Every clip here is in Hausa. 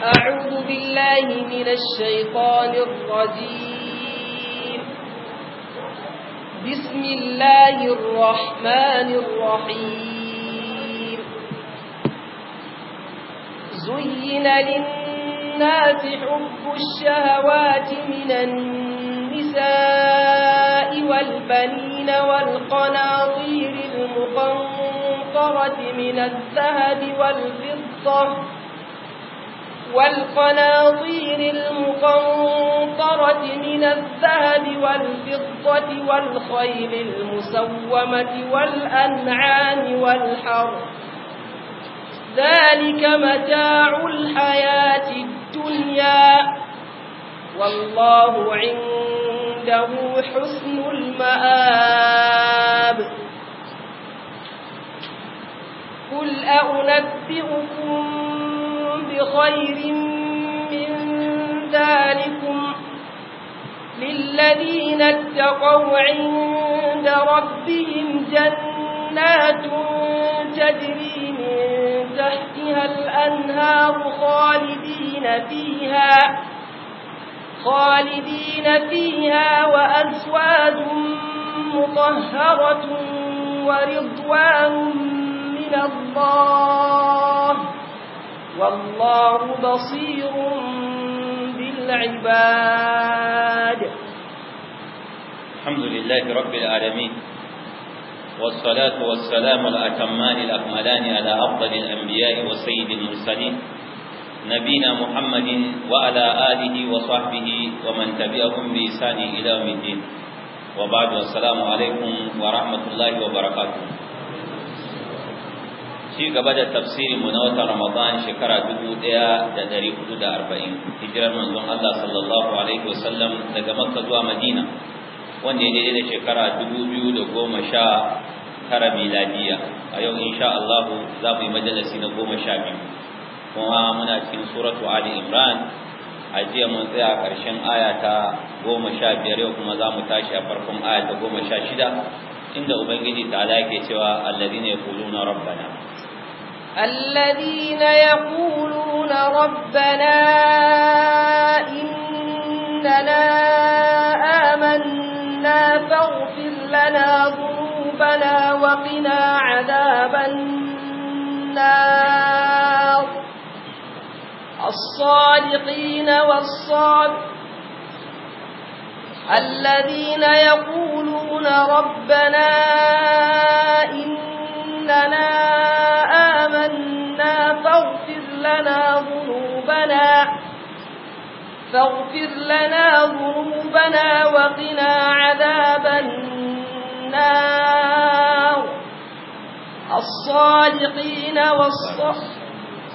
أعوذ بالله من الشيطان الرجيم بسم الله الرحمن الرحيم زين للناس حب الشهوات من النساء والبنين والقناطير المقنطرة من الذهب والفضة والقناطير المقنطرة من الذهب والفضة والخيل المسومة والأنعام والحرث ذلك متاع الحياة الدنيا والله عنده حسن المآب قل أأنبئكم بخير من ذلكم للذين اتقوا عند ربهم جنات تجري من تحتها الأنهار خالدين فيها خالدين فيها وأزواج مطهرة ورضوان إلى الله والله بصير بالعباد الحمد لله رب العالمين والصلاة والسلام الأكمال الأكملان على أفضل الأنبياء وسيد المرسلين نبينا محمد وعلى آله وصحبه ومن تبعهم بإحسان إلى يوم الدين وبعد والسلام عليكم ورحمة الله وبركاته shi gaba da tafsirin mu na watan Ramadan shekara 1440 hijirar manzon Allah sallallahu alaihi wasallam daga Makka zuwa Madina wanda ya daidai da shekara 2019 miladiya a yau insha Allah za mu yi majalisi na 12 kuma muna cikin suratu Ali Imran a jiya mun tsaya a ƙarshen aya ta 15 yau kuma za mu tashi a farkon aya ta 16 inda ubangiji ta yake cewa alladhina yaquluna rabbana الذين يقولون ربنا إننا آمنا فاغفر لنا ذنوبنا وقنا عذاب النار الصادقين والصادقين الذين يقولون ربنا إننا آمنا لنا ذنوبنا فاغفر لنا ذنوبنا وقنا عذاب النار الصادقين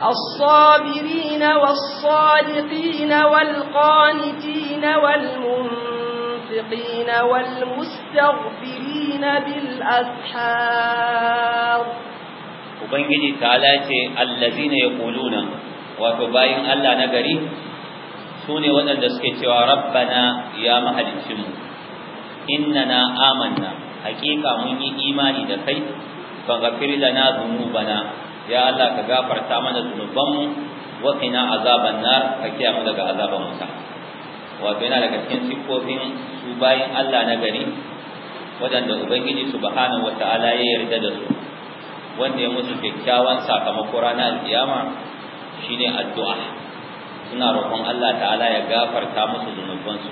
الصابرين والصادقين والقانتين والمنفقين والمستغفرين بالأسحار ubangiji ta'ala ce allazina yaquluna wato bayin Allah na gari sune waɗanda suke cewa rabbana ya mahalicin mu innana amanna hakika mun yi imani da kai faghfir lana dhunubana ya Allah ka gafarta mana mu. wa qina azaban nar ka kiyaye mu daga azaban wuta wato yana daga cikin siffofin su bayin Allah na gari waɗanda ubangiji subhanahu wataala ya yarda da su wanda ya musu kyakkyawan sakamako ranar alkiyama shine addu'a suna roƙon Allah ta'ala ya gafarta musu zunubansu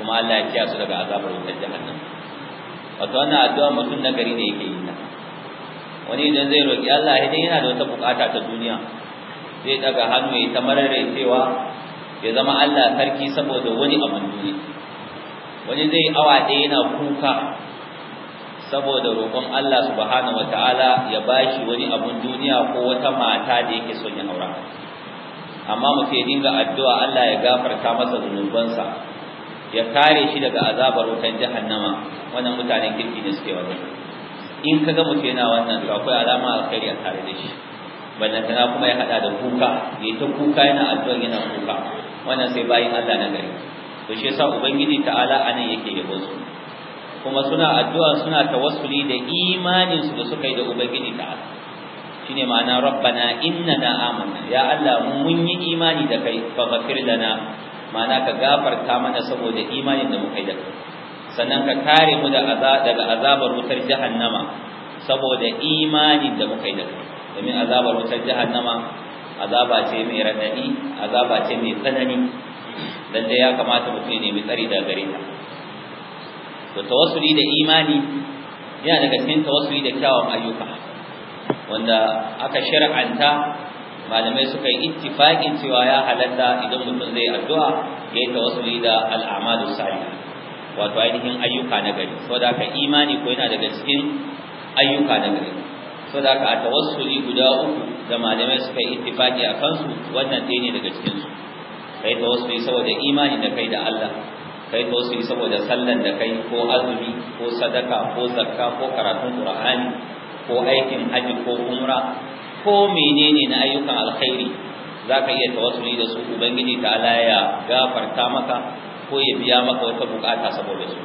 kuma Allah ya kiya su daga azabar wutar jahannam wato wannan addu'a mutum na gari ne yake yi ta wani idan zai roƙi Allah idan yana da wata bukata ta duniya zai daga hannu ya ta marare cewa ya zama Allah sarki saboda wani abu duniya wani zai awa ɗaya yana kuka saboda roƙon Allah subhanahu wataala ya bashi wani abun duniya ko wata mata da yake son ya aura amma mutum ya dinga addu'a Allah ya gafarta masa zunubansa ya kare shi daga azabar wutan jahannama wannan mutanen kirki ne suke wannan in kaga mutum yana wannan to akwai alama alkhairi a tare da shi ballantana kuma ya hada da kuka ya ta kuka yana addu'a yana kuka wannan sai bayin Allah na gari to shi yasa ubangiji ta'ala anan yake yabo su kuma suna addu'a suna tawassuli da imanin su da suka yi da ubangiji ta'ala shine ma'ana rabbana innana amanna ya Allah mun yi imani da kai faghfir lana ma'ana ka gafarta mana saboda imanin da muka yi da kai sannan ka kare mu daga azabar wutar jahannama saboda imanin da muka yi da kai domin azabar wutar jahannama azaba ce mai radadi azaba ce mai tsanani dan da ya kamata mutum ya nemi tsari daga gare ta to tawassuli da imani yana daga cikin tawassuli da kyawun ayyuka wanda aka shar'anta malamai suka yi ittifaqin cewa ya halatta idan mutum zai addu'a ya yi tawassuli da al'amalu salih wato ainihin ayyuka na gari saboda haka imani ko yana daga cikin ayyuka na gari saboda haka a tawassuli guda uku da malamai suka yi ittifaqi a kansu wannan dai ne daga cikin su kai tawassuli saboda imani da kai da Allah kai yi saboda sallan da kai ko azumi ko sadaka ko zakka ko karatun qur'ani ko aikin haji ko umra ko menene na ayyukan alkhairi zaka iya tawassuli da su ubangiji ta'ala ya gafarta maka ko ya biya maka wata bukata saboda su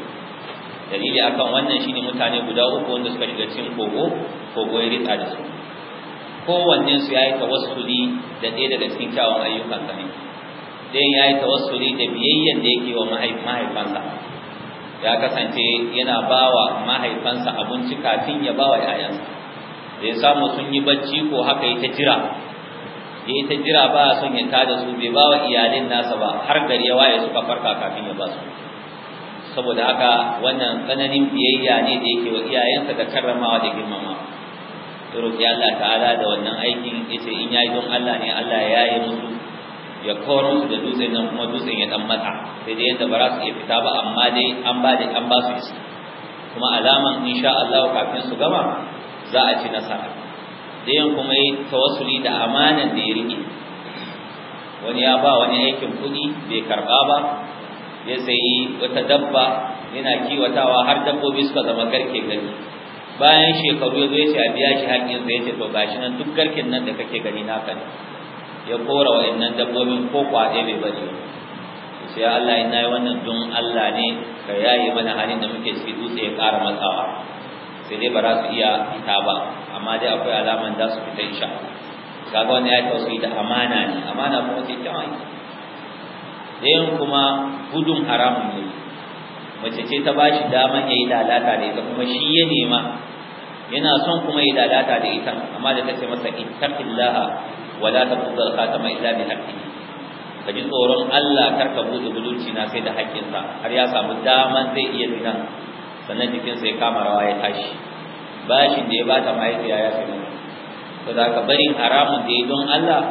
dalili akan wannan shine mutane guda uku wanda suka shiga cikin kogo kogo ya da su kowanne su yayi tawassuli da ɗaya daga cikin kyawun ayyukan sa sai ya yi tawassuli da biyayyen da yake wa mahaifansa ya kasance yana bawa mahaifansa abinci kafin ya bawa yayansa da samu sun yi bacci ko haka yi jira ya ta jira ba son ya tada su bai bawa iyalin nasa ba har gari ya waye suka farka kafin ya ba su saboda haka wannan tsananin biyayya ne da yake wa iyayensa da karramawa da girmamawa to roki Allah ta'ala da wannan aikin yace in yayi don Allah ne Allah ya yi musu ya koro musu da dutsen nan kuma dutsen ya dan mata, sai dai yadda ba za su iya fita ba amma dai an ba da an ba su isa kuma alaman insha Allah kafin su gama za a ci nasara dayan kuma yi tawassuli da amanan da ya rike wani ya ba wani aikin kuɗi bai karba ba ya sayi wata dabba yana kiwatawa har dabbobi suka zama garke gani bayan shekaru ya zo ya ce a biya shi haƙƙinsa ya ce to gashi nan duk garkin nan da kake gani naka ne ya kora innan dabbobin ko kwaɗe bai bari sai Allah ina yi wannan don Allah ne ka yayi mana halin da muke ciki dutse ya ƙara matsawa sai dai ba za su iya fita ba amma dai akwai alaman za su fita insha kaga wannan ya tausayi da amana ne amana kuma ce ta mai dayan kuma gudun haramun ne mace ce ta bashi dama ya yi lalata da ita kuma shi ya nema yana son kuma ya lalata da ita amma da ta ce masa ittaqillaha wala taqdu al-khatama illa bi haqqihi ka ji tsoron Allah kar ka buɗe budurci na sai da sa har ya samu daman zai iya zina sannan jikinsa ya kama rawa ya tashi bashin da ya bata mahaifiya ya fi to da ka bari haramun da ya don Allah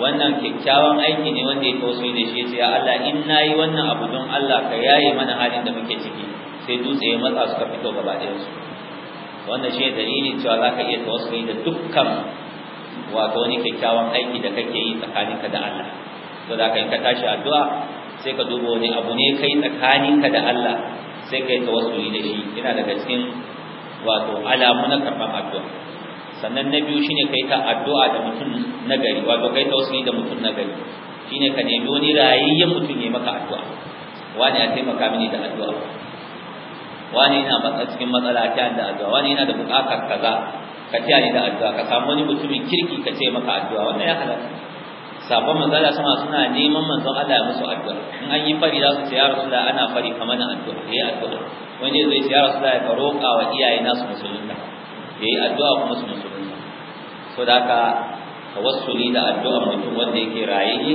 wannan kyakkyawan aiki ne wanda ya tosu da shi ce Allah in nayi wannan abu don Allah ka yaye mana halin da muke ciki sai dutse ya matsa suka fito gaba ɗayan su wannan shi dalilin cewa za ka iya tawassuli da dukkan wato wani kyakkyawan aiki da kake yi tsakaninka da Allah to da kai ka tashi addu'a sai ka duba wani abu ne kai tsakaninka da Allah sai kai tawassuli da shi yana daga cikin wato alamu na karban addu'a sannan na biyu shine kai ta addu'a da mutum nagari wato kai ta tawassuli da mutum nagari shine ka nemi wani rayayyen mutum ya maka addu'a wani ya taimaka mini da addu'a wani yana cikin matsala ta da addu'a wani yana da bukatar kaza ka taya ni da addu'a ka samu wani mutumin kirki ka ce maka addu'a wannan ya halatta sabon manzala sama suna neman manzon Allah ya musu addu'a in an yi fari za su ce ya rasula ana fari kamar nan addu'a yi addu'a wani zai ce ya karo ka roƙa wa iyaye nasu musulunta yi addu'a kuma su musulunta so da ka tawassuli da addu'a mutum wanda yake rayayye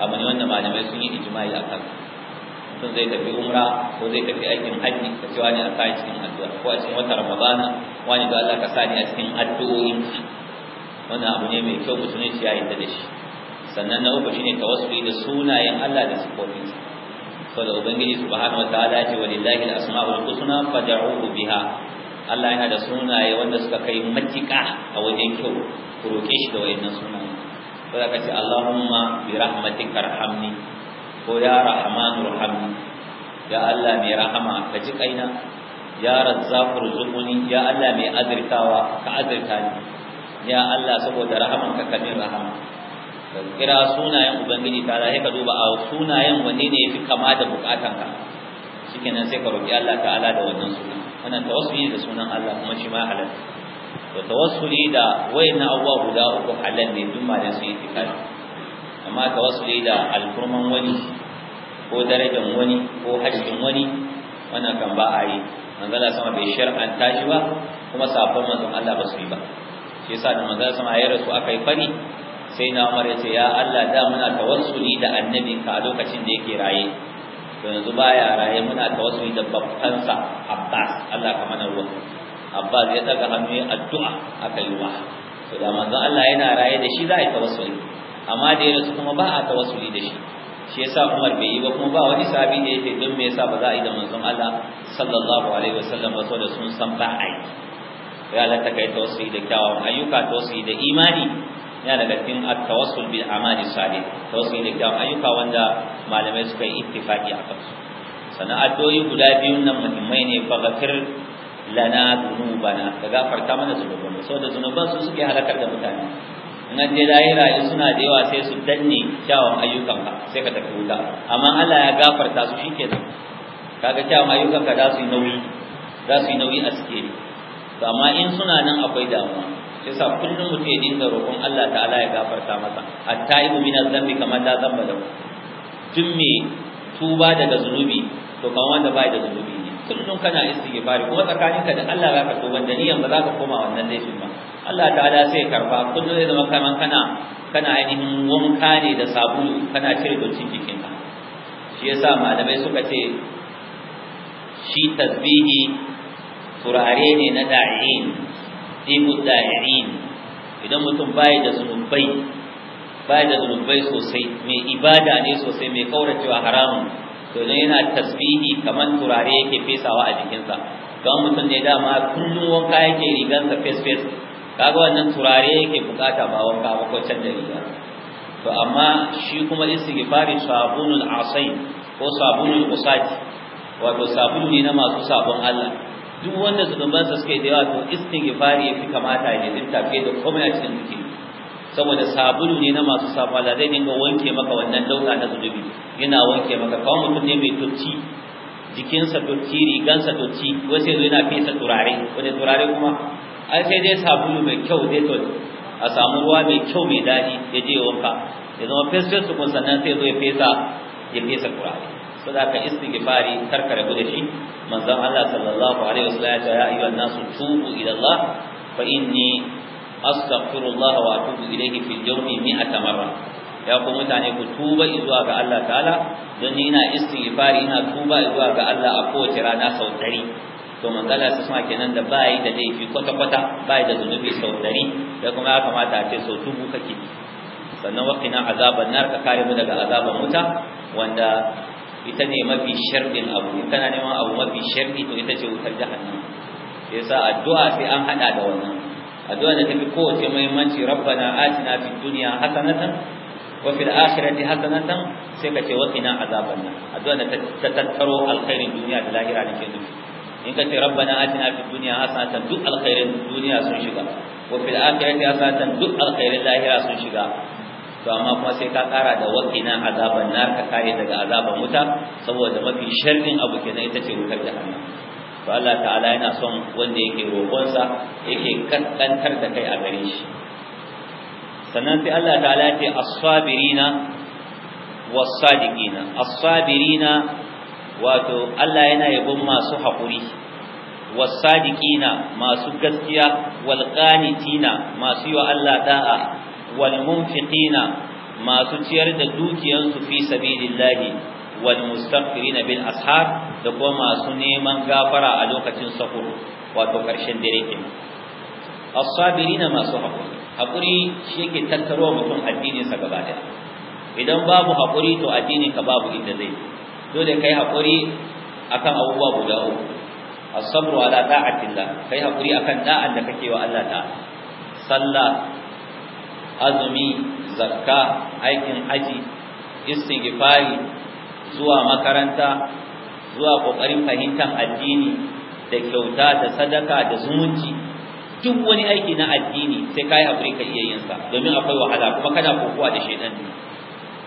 abu ne wanda malamai sun yi ijma'i akan mutum zai tafi umra ko zai tafi aikin hajji ka ce wani a sa cikin addu'a ko a cikin wata ramadana wani da Allah ka sa ni a cikin addu'o'in wannan abu ne mai kyau musulunci ya yarda da shi sannan na uku shine tawassuli da sunayen Allah da sifofinsa saboda ubangiji subhanahu wa wataala ya ce walillahi al-asma'ul husna fad'uhu biha Allah yana da sunaye wanda suka kai matika a wajen kyau ku roke shi da wayannan sunaye saboda kace Allahumma bi rahmatika arhamni ko ya rahmanu rahmi ya Allah mai rahama ka ji kaina ya razzaqu rizquni ya Allah mai azirtawa ka azirta ni ya Allah saboda rahaman ka kamin rahama kira sunayen ubangiji ta sai ka duba a sunayen wanne ne yafi kama da bukatanka shikenan sai ka roki Allah ta'ala da wannan sunan wannan tawassuli da sunan Allah kuma shi ma halal to tawassuli da wayannan abubuwa guda uku halal ne duk ma da su yi tikari amma tawassuli da alfurman wani ko darajar wani ko hajjin wani wannan kan ba a yi manzala sama bai shar'anta tashi ba kuma safon manzon Allah ba su yi ba shi yasa da manzala sama ya rasu aka yi fari sai na Umar ya ce ya Allah da muna tawassuli da annabinka a lokacin da yake raye to yanzu baya raye muna tawassuli da babban sa Abbas Allah ka mana ruwa Abbas ya daga hannu addu'a aka yi wa to da manzon Allah yana raye da shi za a yi tawassuli amma da ya rasu kuma ba a tawassuli da shi shi yasa Umar bai yi ba kuma ba wani sahabi da yake don me yasa ba za a yi da manzon Allah sallallahu alaihi wasallam ba saboda sun san ba a yi ya halatta kai tawassuli da kyawawan ayyuka tawassuli da imani ya daga cikin at-tawassul bil amali salih tawassuli da kyawawan ayyuka wanda malamai suka yi ittifaqi a kansu sannan addu'o'i guda biyun nan muhimmai ne fa gafir lana dunubana ka gafarta mana zunubanmu saboda zunuban su suke halakar da mutane na je lahira rayu suna da yawa sai su danne kyawun ayyukan ka sai ka tafi wuta amma Allah ya gafarta su shikenan kaga kyawun ayyukan ka za su yi nauyi za su yi nauyi a sikeli to amma in suna nan akwai damuwa sa kullum mutum ya dinga roƙon Allah ta'ala ya gafarta masa at-taibu min adh-dhanbi kamar ta zamba da Tun me tuba daga zunubi to kamar wanda bai da zunubi ne kullum kana istighfari kuma tsakaninka da Allah zaka tuba da niyan ba ka koma wannan laifin ba Allah ta'ala sai karba kullum zai zama kaman kana kana ainihin wanka ne da sabulu kana cire dottin jikinka shi yasa malamai suka ce shi tasbihi turare ne na da'in dibu da'irin idan mutum bai da zunubai bai da zunubai sosai mai ibada ne sosai mai kauracewa haramun to idan yana tasbihi kaman turare yake fesawa a jikinsa don mutum ne dama kullum wanka yake rigansa face face kaga wannan turare yake bukata ba wanka ba ko can ba to amma shi kuma istighfari sabunul asai ko sabunul usati wato sabulu ne na masu sabon Allah duk wanda zunuban sa suke da yawa to istighfari yafi kamata ne din tafiye da komai a cikin jiki saboda sabulu ne na masu sabon Allah zai dinga wanke maka wannan dauka na zubi yana wanke maka kawai mutum ne mai tutti jikinsa tutti rigansa tutti wasu yanzu yana fesa turare wani turare kuma ai sai dai sabulu mai kyau to a samu ruwa mai kyau mai daɗi ya je wanka ya zama fesfes kun sannan sai zo ya fesa ya fesa kurare saboda ka istighfari karkare gudu shi manzon Allah sallallahu alaihi wasallam ya ce ya nasu tubu ila Allah fa inni astaghfirullah wa atubu ilayhi fil yawmi mi'ata marra ya ku mutane ku tuba zuwa ga Allah ta'ala don ni ina istighfari ina tuba zuwa ga Allah a kowace rana sau 100 to manzala su suna kenan da ba yi da laifi kwata kwata ba yi da zunubi sau dari da kuma ya kamata a ce sau dubu kake sannan waqina azaban nar ka kare mu daga azaban wuta wanda ita ne mafi sharrin abu in kana neman abu mafi sharri to ita ce wutar jahannam sai sa addu'a sai an haɗa da wannan addu'a da tafi kowace muhimmanci rabbana atina fid dunya hasanatan وفي الآخرة nan. Addu'a وقنا ta tattaro أدوانا duniya da lahira لله ke يدفع in ka ce rabbana atina fid dunya hasanatan duk alkhairin duniya sun shiga wa fil akhirati hasanatan duk alkhairin lahira sun shiga to amma kuma sai ka kara da waqina azaban nar ka kare daga azaban wuta saboda mafi sharrin abu kenan ita ce wutar jahannam to Allah ta'ala yana son wanda yake roƙonsa yake kankantar da kai a gare shi sannan sai Allah ta'ala ya ce as-sabirina was-sadiqina as-sabirina wato Allah yana yabon masu haƙuri wasadiqina masu gaskiya wal qanitina masu yi wa Allah da'a wal munfiqina masu ciyar da dukiyansu fi sabilillahi wal mustaghfirina bil Ashar da kuma masu neman gafara a lokacin sahur wato karshen dare kenan as-sabirina masu haƙuri haƙuri shi yake tattaro mutum addinin sa gaba idan babu haƙuri to addinin ka babu inda zai dole kai hakuri akan abubuwa guda uku as-sabru ala Allah kai hakuri akan da'an da kake wa Allah ta sallah azumi zakka aikin haji istighfari zuwa makaranta zuwa kokarin fahimtar addini da kyauta da sadaka da zumunci duk wani aiki na addini sai kai haƙuri ka iya yin sa domin akwai wahala kuma kana kokowa da shedan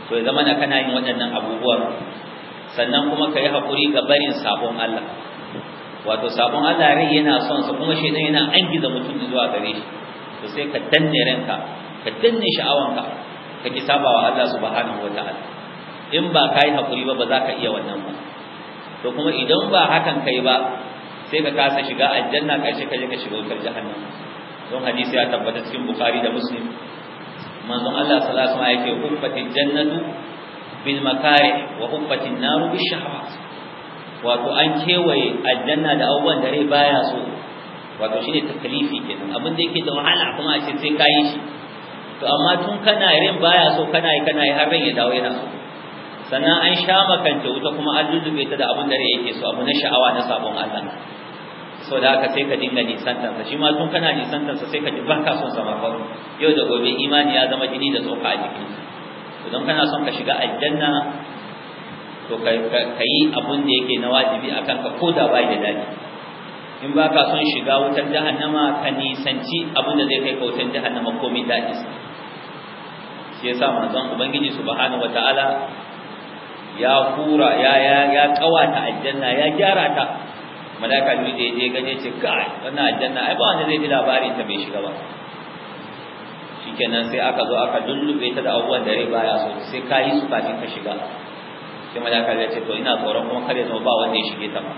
to ya zama kana yin waɗannan abubuwan sannan kuma ka yi haƙuri ga barin sabon Allah wato sabon Allah rai yana son su kuma shi yana an gida mutum zuwa gare shi to sai ka danne ranka ka danne sha'awanka ka ki saba wa Allah subhanahu ta'ala in ba ka yi haƙuri ba ba za ka iya wannan ba to kuma idan ba hakan kai ba sai ka kasa shiga aljanna ƙarshe ka je ka shiga wutar jahannam don hadisi ya tabbata cikin bukhari da muslim manzon Allah sallallahu alaihi wasallam yake kubbatil jannatu bil makari wa hubbatin naru bi shahawat wato an kewaye aljanna da abubuwan da rai baya so wato shine taklifi kenan abin da yake da wahala kuma a ce sai ka yi shi to amma tun kana ran baya so kana yi kana yi har ran ya dawo yana so sannan an sha makanta wuta kuma an lullube ta da abin da rai yake so abu na sha'awa na sabon Allah so da haka sai ka dinga nisantar sa shi ma tun kana nisantar sa sai ka ji baka son sa ma yau da gobe imani ya zama jini da tsoka a jikinsa idan kana son ka shiga aljanna to ka yi abun da yake na wajibi a kanka ko da bai da daɗi in ba ka son shiga wutar jahannama ka nisanci abun da zai kai ka wutar jahannama komai daɗi shi yasa manzon ubangiji subhanahu wataala ya hura ya ya ya kawata aljanna ya gyara ta malaka ne da je gane ce kai wannan aljanna ai ba wanda zai ji labarin ta bai shiga ba shikenan sai aka zo aka lullube ta da abubuwan da riba baya so sai ka yi su kafin ka shiga sai malaka ya ce to ina tsoron kuma kare zama ba wanda ya shige ta ba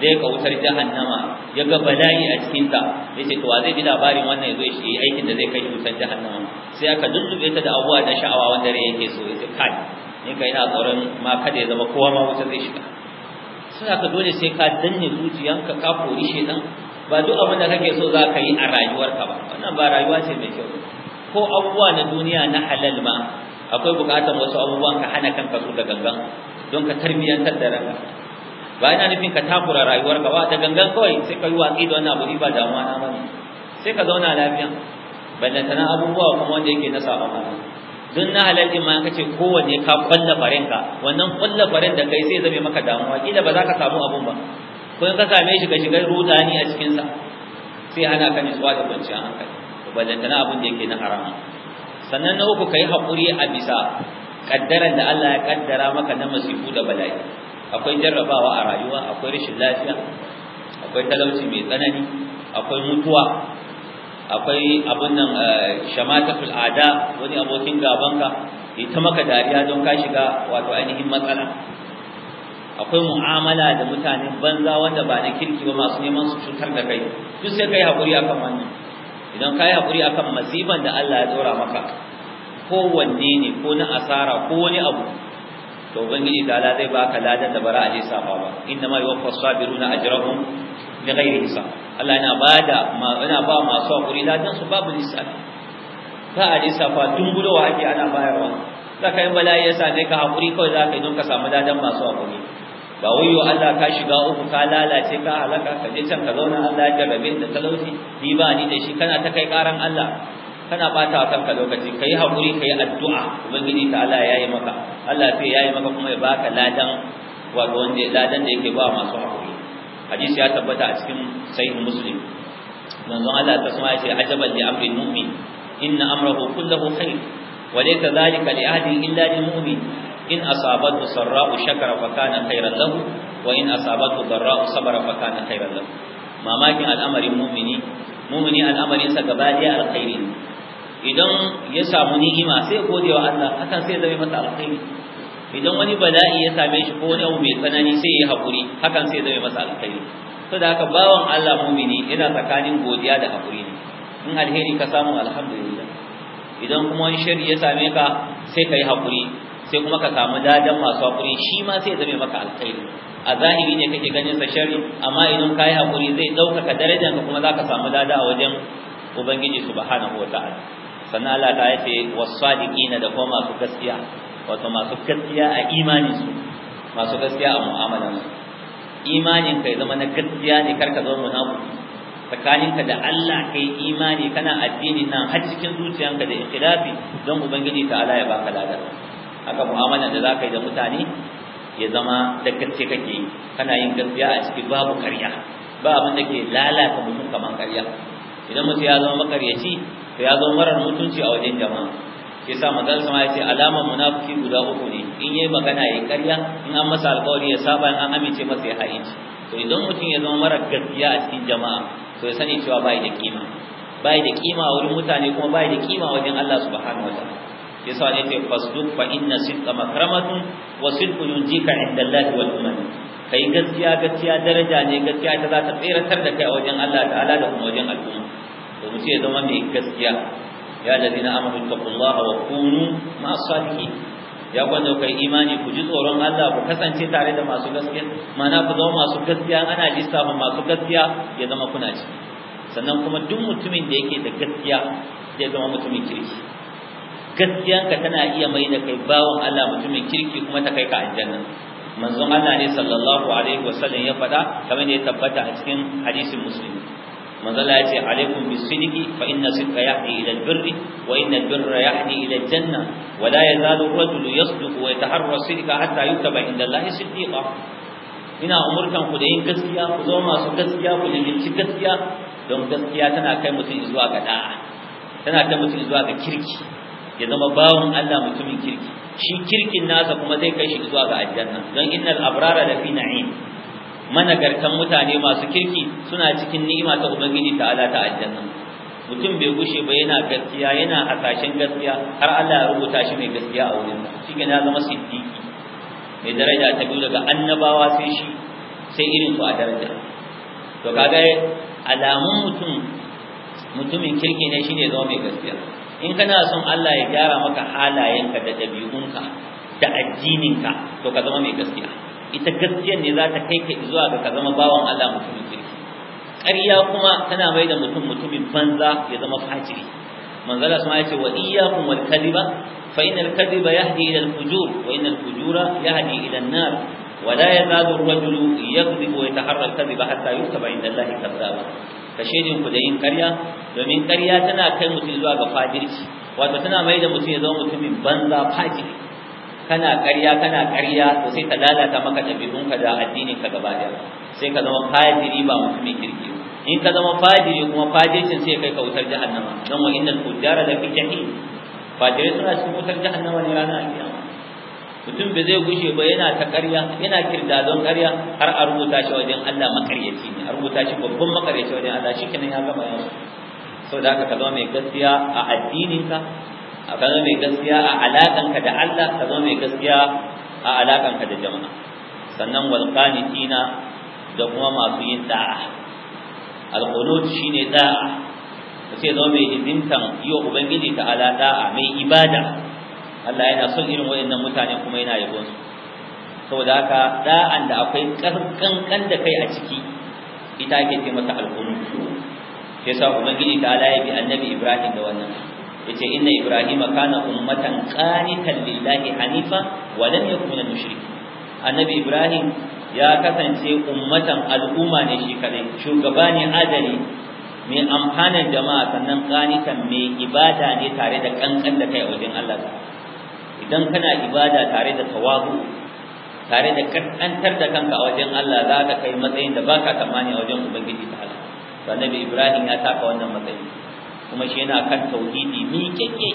zai ka wutar jahannama ya ga bala'i a cikin ta ce to wa zai ji labarin wannan ya zo shi aikin da zai kai wutar jahannama sai aka lullube ta da abubuwa da sha'awa wanda rai yake so ya yace kai ni kai ina tsoron ma kada ya zama kowa ma wuta zai shiga sai aka dole sai ka danne zuciyanka ka kori shedan ba duk abin da kake so za ka yi a rayuwarka ba wannan ba rayuwa ce mai kyau ko abubuwa na duniya na halal ma akwai bukatar wasu abubuwan ka hana kanka su da gangan don ka tarbiyyantar da ranka ba yana nufin ka takura rayuwarka ba da gangan kawai sai ka yi watsi da wani abu ba damuwa na bane sai ka zauna lafiya tana abubuwa kuma wanda yake na sabon ma don na halal din ma kace kowanne ka kwalla ka, wannan kwalla farin da kai sai zame maka damuwa kila ba za ka samu abun ba kun ka same shi ka shigar rudani a cikinsa sai ana ka nisuwa da kwanciyar hankali to ballantana abin da yake na harama, sannan na uku kai haƙuri a bisa kaddaran da Allah ya kaddara maka na masifu da bala'i akwai jarrabawa a rayuwa akwai rashin lafiya akwai talauci mai tsanani akwai mutuwa akwai abun nan fil eh, ada wani abokin gabanka ita maka dariya don ka shiga wato ainihin matsala akwai mu'amala da mutane banza wanda ba na kirki ba masu neman su cutar da kai duk sai kai hakuri akan wannan idan kai hakuri akan masiban da Allah ya dora maka ko wanne ne ko na asara ko wani abu to ubangiji Allah zai baka ladan da bara aje safa ba inna ma yuwaffas sabiruna ajrahum ghairi hisab Allah yana bada yana ba masu hakuri ladan su babu lissafi ba a safa, dungulowa ake ana bayarwa zaka yi bala'i ya kai ka hakuri kawai zaka yi don ka samu ladan masu hakuri ba yau Allah ka shiga uku ka lalace ka halaka ka je can ka zauna Allah ya jarrabe da talauci ni ba ni da shi kana ta kai karan Allah kana bata wa kanka lokaci kai hakuri kai addu'a ubangiji ta Allah yayi maka Allah sai yayi maka kuma ya baka ladan wato wanda ladan da yake ba masu hakuri hadisi ya tabbata a cikin sahih muslim manzon Allah ta kuma ya yace ajaban li amrin mu'min inna amrahu kulluhu khair wa laysa dhalika li ahadin illa lil mu'min in asabatu sarra'u shakara fa kana khairan lahu wa in asabatu darra'u sabara fa kana khairan lahu mamakin al'amarin mumini mumini al'amarin sa gaba ɗaya alkhairi idan ya samu ni'ima sai gode wa Allah hakan sai zama masa alkhairi idan wani bala'i ya same shi ko wani abu mai tsanani sai ya haƙuri hakan sai zama masa alkhairi to da haka bawan Allah mumini yana tsakanin godiya da haƙuri ne in alheri ka samu alhamdulillah idan kuma wani shari ya same ka sai ka yi haƙuri sai kuma ka samu dadan masu hakuri shi ma sai zame maka alkhairi a zahiri ne kake ganin sa sharri amma idan kai hakuri zai daukaka darajar ka kuma zaka samu dada a wajen ubangiji subhanahu wataala sannan Allah ta yace wasadiqina sadiqina da kuma masu gaskiya wato masu gaskiya a imani su masu gaskiya a mu'amalan su imanin kai zama na gaskiya ne karka zama munafiki tsakaninka da Allah kai imani kana addinin nan har cikin zuciyanka da ikhlasi don ubangiji ta'ala ya baka ladan haka mu'amala da zaka yi da mutane ya zama da gaske kake kana yin gaskiya a cikin babu karya ba abin da ke lalata mutum kamar karya idan mutum ya zama makaryaci to ya zama marar mutunci a wajen jama'a Ke sa manzon sama ya ce alamar munafuki guda uku ne in yayi magana ya yi karya in an masa alƙawari ya saba in an amince masa ya haici to idan mutum ya zama marar gaskiya a cikin jama'a to ya sani cewa bai da kima bai da kima wurin mutane kuma bai da kima wajen Allah subhanahu ta'ala yasa ne ce fasduk fa inna sidqa makramatun wa sidqu yunjika inda Allah wal umam kai gaskiya gaskiya daraja ne gaskiya ta za ta tseratar da kai a wajen Allah ta'ala da kuma wajen al'umma to mu ce zama mai gaskiya ya ladina amanu taqullaha wa kunu ma sadiqi ya kwanda kai imani ku ji tsoron Allah ku kasance tare da masu gaskiya Mana ku zama masu gaskiya ana lissafa masu gaskiya ya zama kuna ci sannan kuma duk mutumin da yake da gaskiya ya zama mutumin kirki gaskiyanka tana iya mai da kai bawan Allah mutumin kirki kuma ta kai ka aljanna manzon Allah ne sallallahu alaihi wa sallam ya faɗa kamar ne ya tabbata a cikin hadisin muslim manzon Allah ya ce alaikum bisidiki fa inna sidqa yahdi ila albirri wa inna albirra yahdi ila aljanna wa la yazalu rajulu yasduqu wa yataharra sidqa hatta yuktaba inda Allah siddiqa ina umurtan ku da yin gaskiya ku zo masu gaskiya ku lilinci gaskiya don gaskiya tana kai mutum zuwa ga da'a tana kai mutum zuwa ga kirki ya zama bawon Allah mutumin kirki shi kirkin nasa kuma zai kai shi zuwa ga aljanna don innal abrara da fi na'im managartan mutane masu kirki suna cikin ni'ima ta ubangiji ta'ala ta aljanna mutum bai gushe ba yana gaskiya yana hasashen gaskiya har Allah ya rubuta shi mai gaskiya a wurin shi ke ya zama siddiqi mai daraja ta biyu daga annabawa sai shi sai irin su a daraja to kaga alamun mutum mutumin kirki ne shine zama mai gaskiya in kana son Allah ya gyara maka halayenka da dabi'unka da addininka to ka zama mai gaskiya ita gaskiyar ne za ta kai ka zuwa ga ka zama bawan Allah mutumin kirki ƙarya kuma tana mai da mutum mutumin banza ya zama fajiri manzala sama ya ce wa iyyakum wal kadhiba fa innal kadhiba yahdi ila al fujur wa innal fujura yahdi ila an nar wa la yazalu ar-rajulu yakdhibu wa yataharra al kadhiba hatta yuktaba inda Allah kadhaba ka ku da yin ƙarya domin ƙarya tana kai mutum zuwa ga fadirci wato tana mai da mutum ya zama mutumin banza fajiri kana ƙarya kana ƙarya to sai ta lalata maka ɗabi'unka da addininka gaba ɗaya sai ka zama fadiri ba mutumin kirki in ka zama fadiri kuma fadircin sai kai ka wutar jahannama don wa innal fujjara da fi jahim fajirai suna cikin wutar jahannama ne ranar alƙiyama mutum bai zai gushe ba yana ta ƙarya yana kirdadon ƙarya har a rubuta shi wajen Allah makaryaci ne a rubuta shi babban makaryaci wajen Allah kenan ya gama yawa saboda haka ka zama mai gaskiya a addininka ka zama mai gaskiya a alaƙanka da Allah ka zama mai gaskiya a alaƙanka da jama'a sannan wal qanitina da kuma masu yin da'a al shi shine da'a sai zama mai izintan yi wa ubangiji ta da'a mai ibada Allah yana son irin wayannan mutane kuma yana yabon su saboda haka da'an da akwai kan da kai a ciki ita ake ce masa alqunut sai sa ubangiji ta Allah ya bi annabi Ibrahim da wannan yace inna ibrahima kana ummatan qanitan lillahi hanifa wa lam yakun minal mushrik annabi Ibrahim ya kasance ummatan al'umma ne shi kadai shugaba ne adali mai amfanar jama'a sannan qanitan mai ibada ne tare da kankan da kai a wajen Allah dan kana ibada tare da tawazu tare da kankantar da kanka a wajen Allah za ka kai matsayin da baka tsammani a wajen ubangiji ta Allah to annabi Ibrahim ya taka wannan matsayi kuma shi yana kan tauhidi mi keke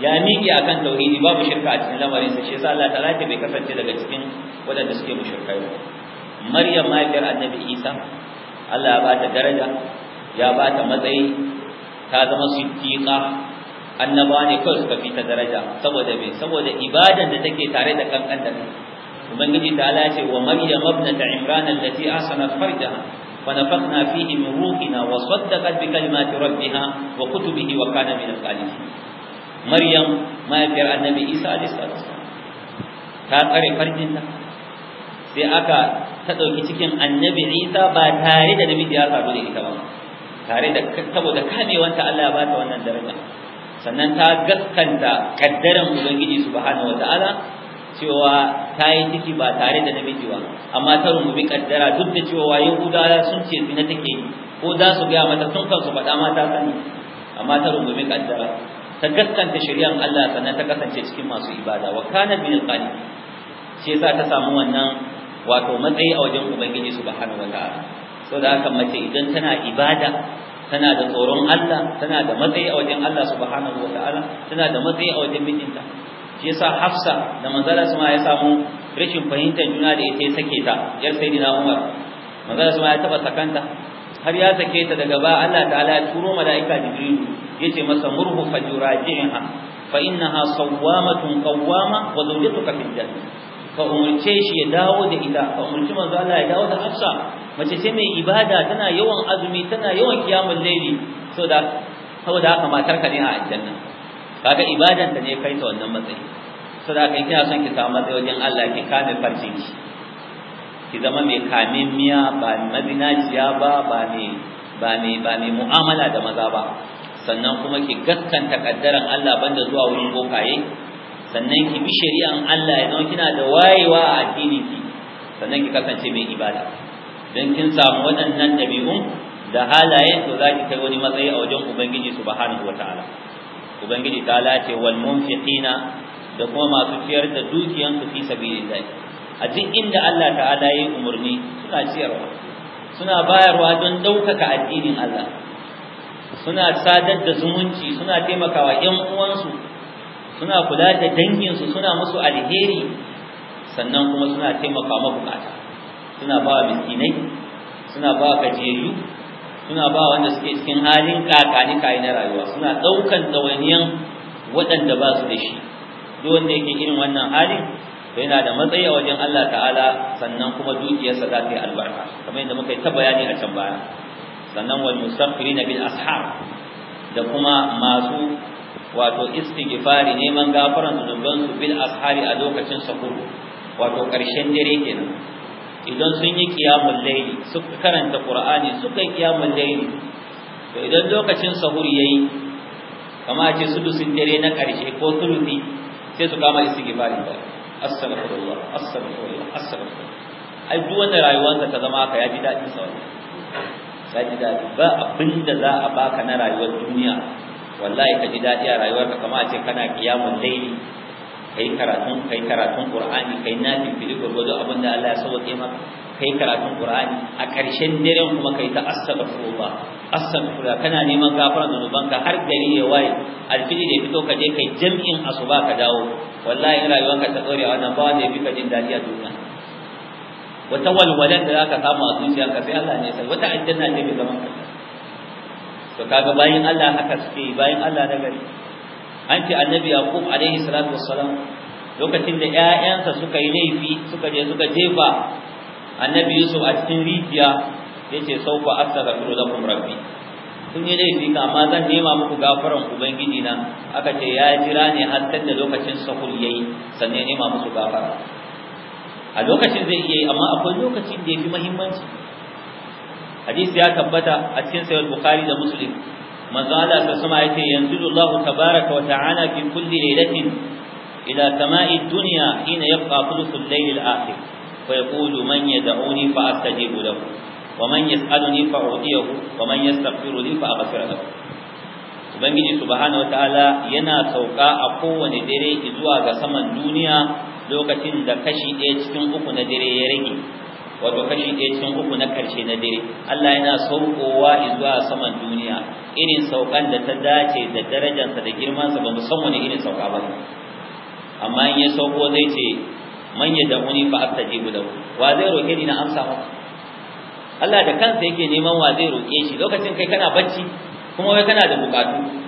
ya miƙe akan tauhidi babu shirka a cikin lamarin sa shi yasa Allah ta'ala bai kasance daga cikin waɗanda suke mushrikai ba Maryam mahaifiyar annabi Isa Allah ya ba ta daraja ya ba ta matsayi ta zama siddiqa annaba ne kawai suka fita daraja saboda me saboda ibadan da take tare da kankan da ubangiji ta ala ce wa maryam ibnat imran allati ahsanat farjaha ونفخنا فيه من روحنا وصدقت بكلمات ربها wa وكان من القانتين مريم ما يفعل النبي عيسى عليه الصلاه والسلام ta tsare farjinta sai aka ta ɗauki cikin annabi isa ba tare da namiji ya sadu da ita ba tare da saboda kamewanta allah ya ba ta wannan daraja sannan ta gaskanta kaddaran ubangiji subhanahu wataala cewa ta yi ciki ba tare da namiji ba amma ta rungumi kaddara duk da cewa yahudawa sun ce zina take yi ko za su gaya mata sun kansu faɗa mata sani amma ta rungumi kaddara ta gaskanta shari'an Allah sannan ta kasance cikin masu ibada wa kana bin qani shi yasa ta samu wannan wato matsayi a wajen ubangiji subhanahu wataala saboda haka mace idan tana ibada tana da tsoron Allah tana da matsayi a wajen Allah subhanahu wataala tana da matsayi a wajen mijinta shi yasa Hafsa da manzala Suma ya samu rashin fahimtar juna da ita ya sake ta yar sayyidina Umar manzala Suma ya taba sakanta har ya sake ta daga ba Allah ta'ala ya turo malaika Jibril ce masa murhu fajurajiha fa innaha sawwamatun qawwama wa zawjatuka fil jannah ka umurce shi ya dawo da ita ka umurci manzo Allah ya dawo da Hafsa mace ce mai ibada tana yawan azumi tana yawan kiyamul laili saboda saboda haka matar ka ne a aljanna kaga ibadan da ne kai ta wannan matsayi saboda kai kina son ki samu matsayi wajen Allah ki kame farcin ki ki zama mai miya ba mazinaciya ba ba mai ba ne ba mai mu'amala da maza ba sannan kuma ki gaskanta kaddaran Allah banda zuwa wurin bokaye sannan ki bi shari'an Allah ya zama kina da wayewa a addini ki sannan ki kasance mai ibada Don kin samu waɗannan ɗabi'un da halayen to zaki kai wani matsayi a wajen ubangiji subhanahu wataala ubangiji ta lace wal munfiqina da kuma masu ciyar da dukiyansu fi sabilillah a duk inda Allah ta'ala ya umurni suna ciyarwa suna bayarwa don ɗaukaka addinin Allah suna sadar da zumunci suna taimakawa 'yan uwansu suna kula da danginsu suna musu alheri sannan kuma suna taimaka mabukata suna ba miskinai suna ba gajeyu suna ba wanda suke cikin halin kakani kai na rayuwa suna daukan tsawaniyan waɗanda ba su da shi duk wanda yake irin wannan halin to yana da matsayi a wajen Allah ta'ala sannan kuma dukiyarsa za ta yi albarka kamar yadda muka yi ta bayani a can baya sannan wal mustaghfirina bil ashab da kuma masu wato istighfari neman gafaran zunuban su bil ashari a lokacin sahur wato karshen dare kenan idan sun yi qiyamul layli suka karanta qur'ani suka yi qiyamul layli to idan lokacin sahur yayi kama ce dusin dare na karshe ko sulusi sai su kama istighfari da astaghfirullah astaghfirullah astaghfirullah ai duk wanda rayuwarsa ta zama ka ya ji daɗin sa ya ji daɗi ba abinda za a baka na rayuwar duniya wallahi ka ji daɗi a rayuwarka kamar a ce kana kiyamun laili kai karatun kai karatun qur'ani kai nafi fili gurgudu abin da Allah ya sauke maka kai karatun qur'ani a ƙarshen daren kuma kai ta astaghfirullah astaghfirullah kana neman gafara zunubanka har gari ya waye alfili da fito ka je kai jami'in asuba ka dawo wallahi in rayuwarka ta dore wannan ba wanda ya fi ka jin daɗi a duniya wata walwalar da za ka samu a zuciyarka sai Allah ne ya sai wata aljanna ne mai zaman kanta to kaga bayin Allah haka suke bayin Allah na gari an ce annabi yaqub alaihi salatu wassalam lokacin da ƴaƴansa suka yi laifi suka je suka jefa annabi yusuf a cikin rijiya yace saufa astaghfiru lakum rabbi kun yi laifi ka amma zan nema muku gafaran ubangiji na aka ce ya jira ne har da lokacin sahul yayi sannan nema musu gafara a lokacin zai iya yi amma akwai lokacin da ya fi muhimmanci hadisi ya tabbata a cikin sahih bukhari da muslim manzo Allah sallallahu alaihi wasallam yace yanzu Allah tabaaraka wa ta'ala fi kulli laylatin ila sama'i dunya hina yabqa thuluthu al-layl al-akhir fa yaqulu man yad'uni fa astajibu lahu wa man yas'aluni fa u'tiyahu wa man yastaghfiru li fa aghfir lahu ubangiji subhanahu wa ta'ala yana sauka a kowane dare zuwa ga saman duniya lokacin da kashi ɗaya cikin uku na dare ya rage wato kashi ɗaya cikin uku na ƙarshe na dare Allah yana saukowa zuwa saman duniya irin saukan da ta dace da darajarsa da girmansa ba mu san wani irin sauka ba amma in ya sauko zai ce manya da man yad'uni fa astajibu lahu wa zai roke ni na amsa masa Allah da kansa yake neman wa zai roke shi lokacin kai kana bacci kuma wai kana da bukatu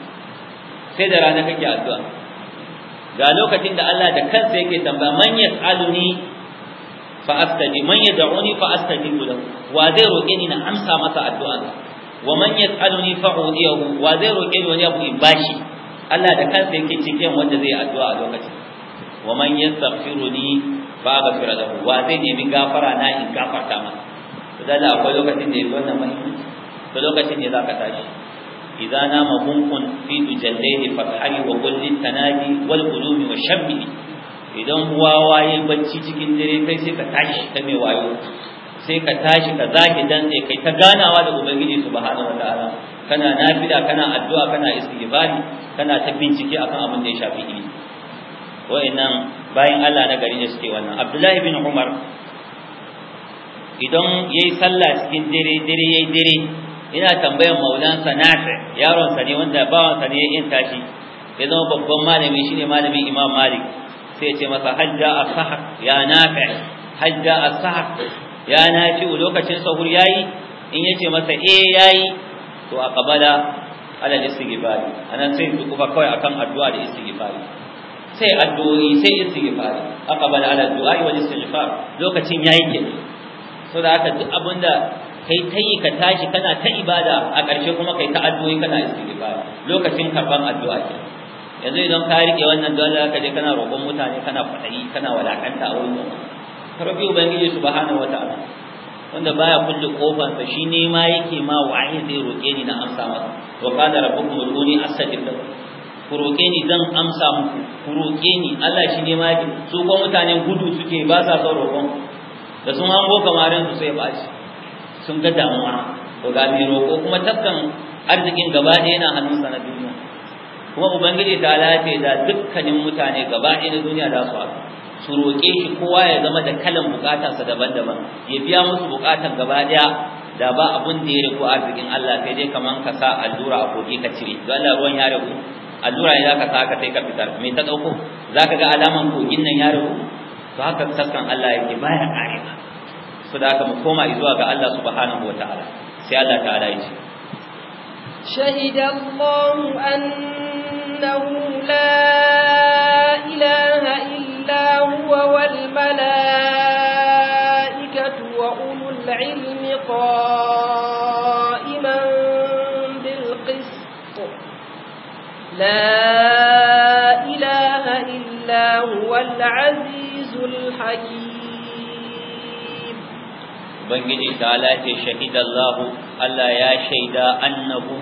sai da rana kake addu'a ga lokacin da Allah da kansa yake tambaya man yas'aluni fa astaji man yad'uni fa astajibu lahu wa zai roke ni na amsa masa addu'a wa man yas'aluni fa udiyahu wa zai roke ni abu in bashi Allah da kansa cikin wanda zai addu'a a lokacin wa man yastaghfiruni fa aghfir lahu wa zai nemi gafara na in gafarta masa to akwai lokacin da wannan muhimmanci to lokacin ne zaka tashi idza nama munkun fi dujallaini fathari wa wal wa idan wawa yayi bacci cikin dare kai sai ka tashi ka mai wayo sai ka tashi ka zaki dantse kai ta ganawa da ubangiji subhanahu wataala kana nafila kana addu'a kana istighfari kana ta bincike akan abin da ya shafi ilimi wa'annan bayan Allah na gari ne suke wannan Abdullahi bin Umar idan yayi sallah cikin dare dare yayi dare ina tambayan maulansa sanata yaron sa ne wanda bawansa ne ya yin shi ya zama babban malami shine malamin Imam Malik sai ce masa hajja a sahar ya nafi hajja a sahar ya nafi lokacin sahur yi in ya ce masa eh yi, to a qabala ala istighfari anan sai ku kufa kawai akan addu'a da istighfari sai addu'o'i sai istighfari aqbala ala du'ai wal istighfar lokacin ya yi kenan so da aka duk abinda kai ta yi ka tashi kana ta ibada a ƙarshe kuma kai ta addu'o'i kana istighfari lokacin karɓar addu'a ke. yanzu idan ka rike wannan dole ka je kana roƙon mutane kana fadayi kana walakanta a wurin karbi ubangiji subhanahu wataala wanda baya kulle kofar sa shi ne ma yake ma wa'i zai roƙe ni na amsa masa wa qala rabbukum ud'uni astajib lakum ku roƙe ni zan amsa muku ku roƙe ni Allah shi ne ma yake su ko mutanen gudu suke ba sa son roƙon da sun hango kamarin su sai ba shi sun ga damuwa ko ga roƙo kuma takkan arzikin gaba ɗaya yana hannunsa na duniya kuma ubangiji ta lafe da dukkanin mutane gaba ɗaya na duniya da su haɗu su roƙe shi kowa ya zama da kalan bukatansa daban-daban ya biya musu bukatan gaba ɗaya da ba abun da ya riko arzikin Allah sai dai kaman ka sa allura a kogi ka cire don Allah ruwan ya rabu allura ne zaka sa aka sai ka fitar me ta dauko zaka ga alaman kogin nan ya rabu to haka sakan Allah yake baya karewa so da haka mu koma zuwa ga Allah subhanahu wataala sai Allah ta'ala ya ce شهد الله أنه لا إله إلا هو والملائكة وأولو العلم قائما بالقسط لا إله إلا هو العزيز الحكيم Allah ya shaida annabu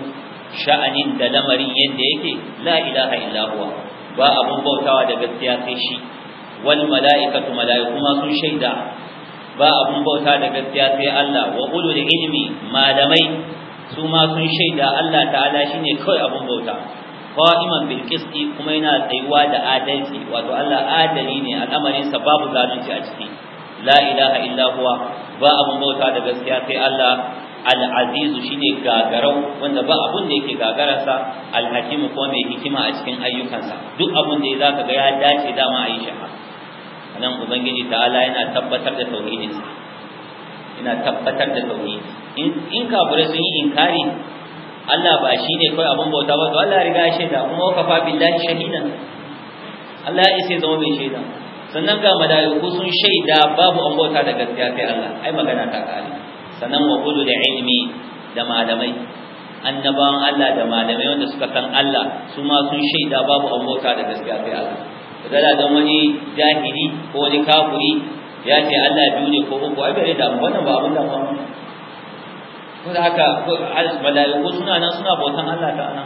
sha'anin da lamarin yadda yake la ilaha illa huwa ba abun bautawa da gaskiya sai shi wal mala'ikatu mala'iku ma sun shaida ba abun bauta da gaskiya sai Allah wa ulul ilmi malamai su ma sun shaida Allah ta'ala shine kai abun bauta qa'iman bil qisti kuma yana tsayuwa da adalci wato Allah adali ne al'amarin sa babu zalunci a ciki la ilaha illa huwa ba abun bauta da gaskiya sai Allah al'azizu shi ne gagarau wanda ba abun da yake gagararsa alhakimu ko mai hikima a cikin ayyukansa duk abun da ya zaka ga ya dace dama a yi shi nan ubangiji ta'ala yana tabbatar da tauhidinsa yana tabbatar da tauhid in kafirai sun yi inkari Allah ba shi ne kawai abin bauta ba to Allah riga ya shaida kuma wakafa billahi shahidan Allah ya isa zama mai shaida sannan ga mala'iku sun shaida babu an bauta da gaskiya sai Allah ai magana ta kare sannan wa da ilmi da malamai annabawan Allah da malamai wanda suka san Allah su ma sun shaida babu amota da gaskiya sai Allah da da wani jahili ko wani kafiri ya ce Allah biyu ne ko uku ai bai da wannan ba abin da ba ko da haka ko malaiku suna nan suna bautan Allah ta'ala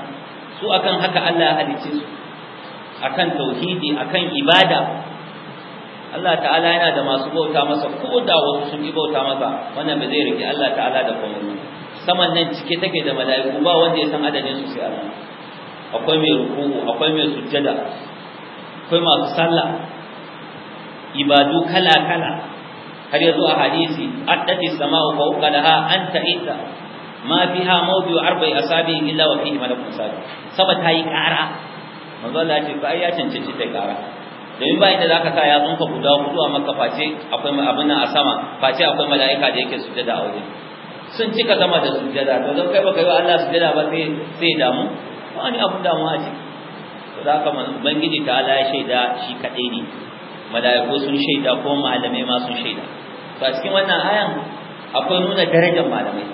su akan haka Allah ya halicce su akan tauhidi akan ibada Allah ta'ala yana da masu bauta masa ko da wasu sun yi bauta masa wannan ba zai rike Allah ta'ala da komai saman nan cike take da mala'iku ba wanda ya san adadin su sai Allah akwai mai ruku'u akwai mai sujjada akwai masu sallah ibadu kala kala har yanzu a hadisi addati sama'u fawqa laha anta ita ma fiha mawdi'u arba'i asabi illa wa fihi malakun sabi sabata yi qara manzo Allah ya ce ba ya cancanci ta qara domin ba inda zaka sa yatsunka guda hudu a maka face akwai abin nan a sama face akwai mala'ika da yake sujjada a wurin sun cika zama da jada, to don kai baka yi wa Allah jada ba sai sai damu wani abun a ce to da haka ubangiji ta Allah ya shaida shi kadai ne mala'iku sun shaida ko malamai ma sun shaida to a cikin wannan ayan akwai nuna darajar malamai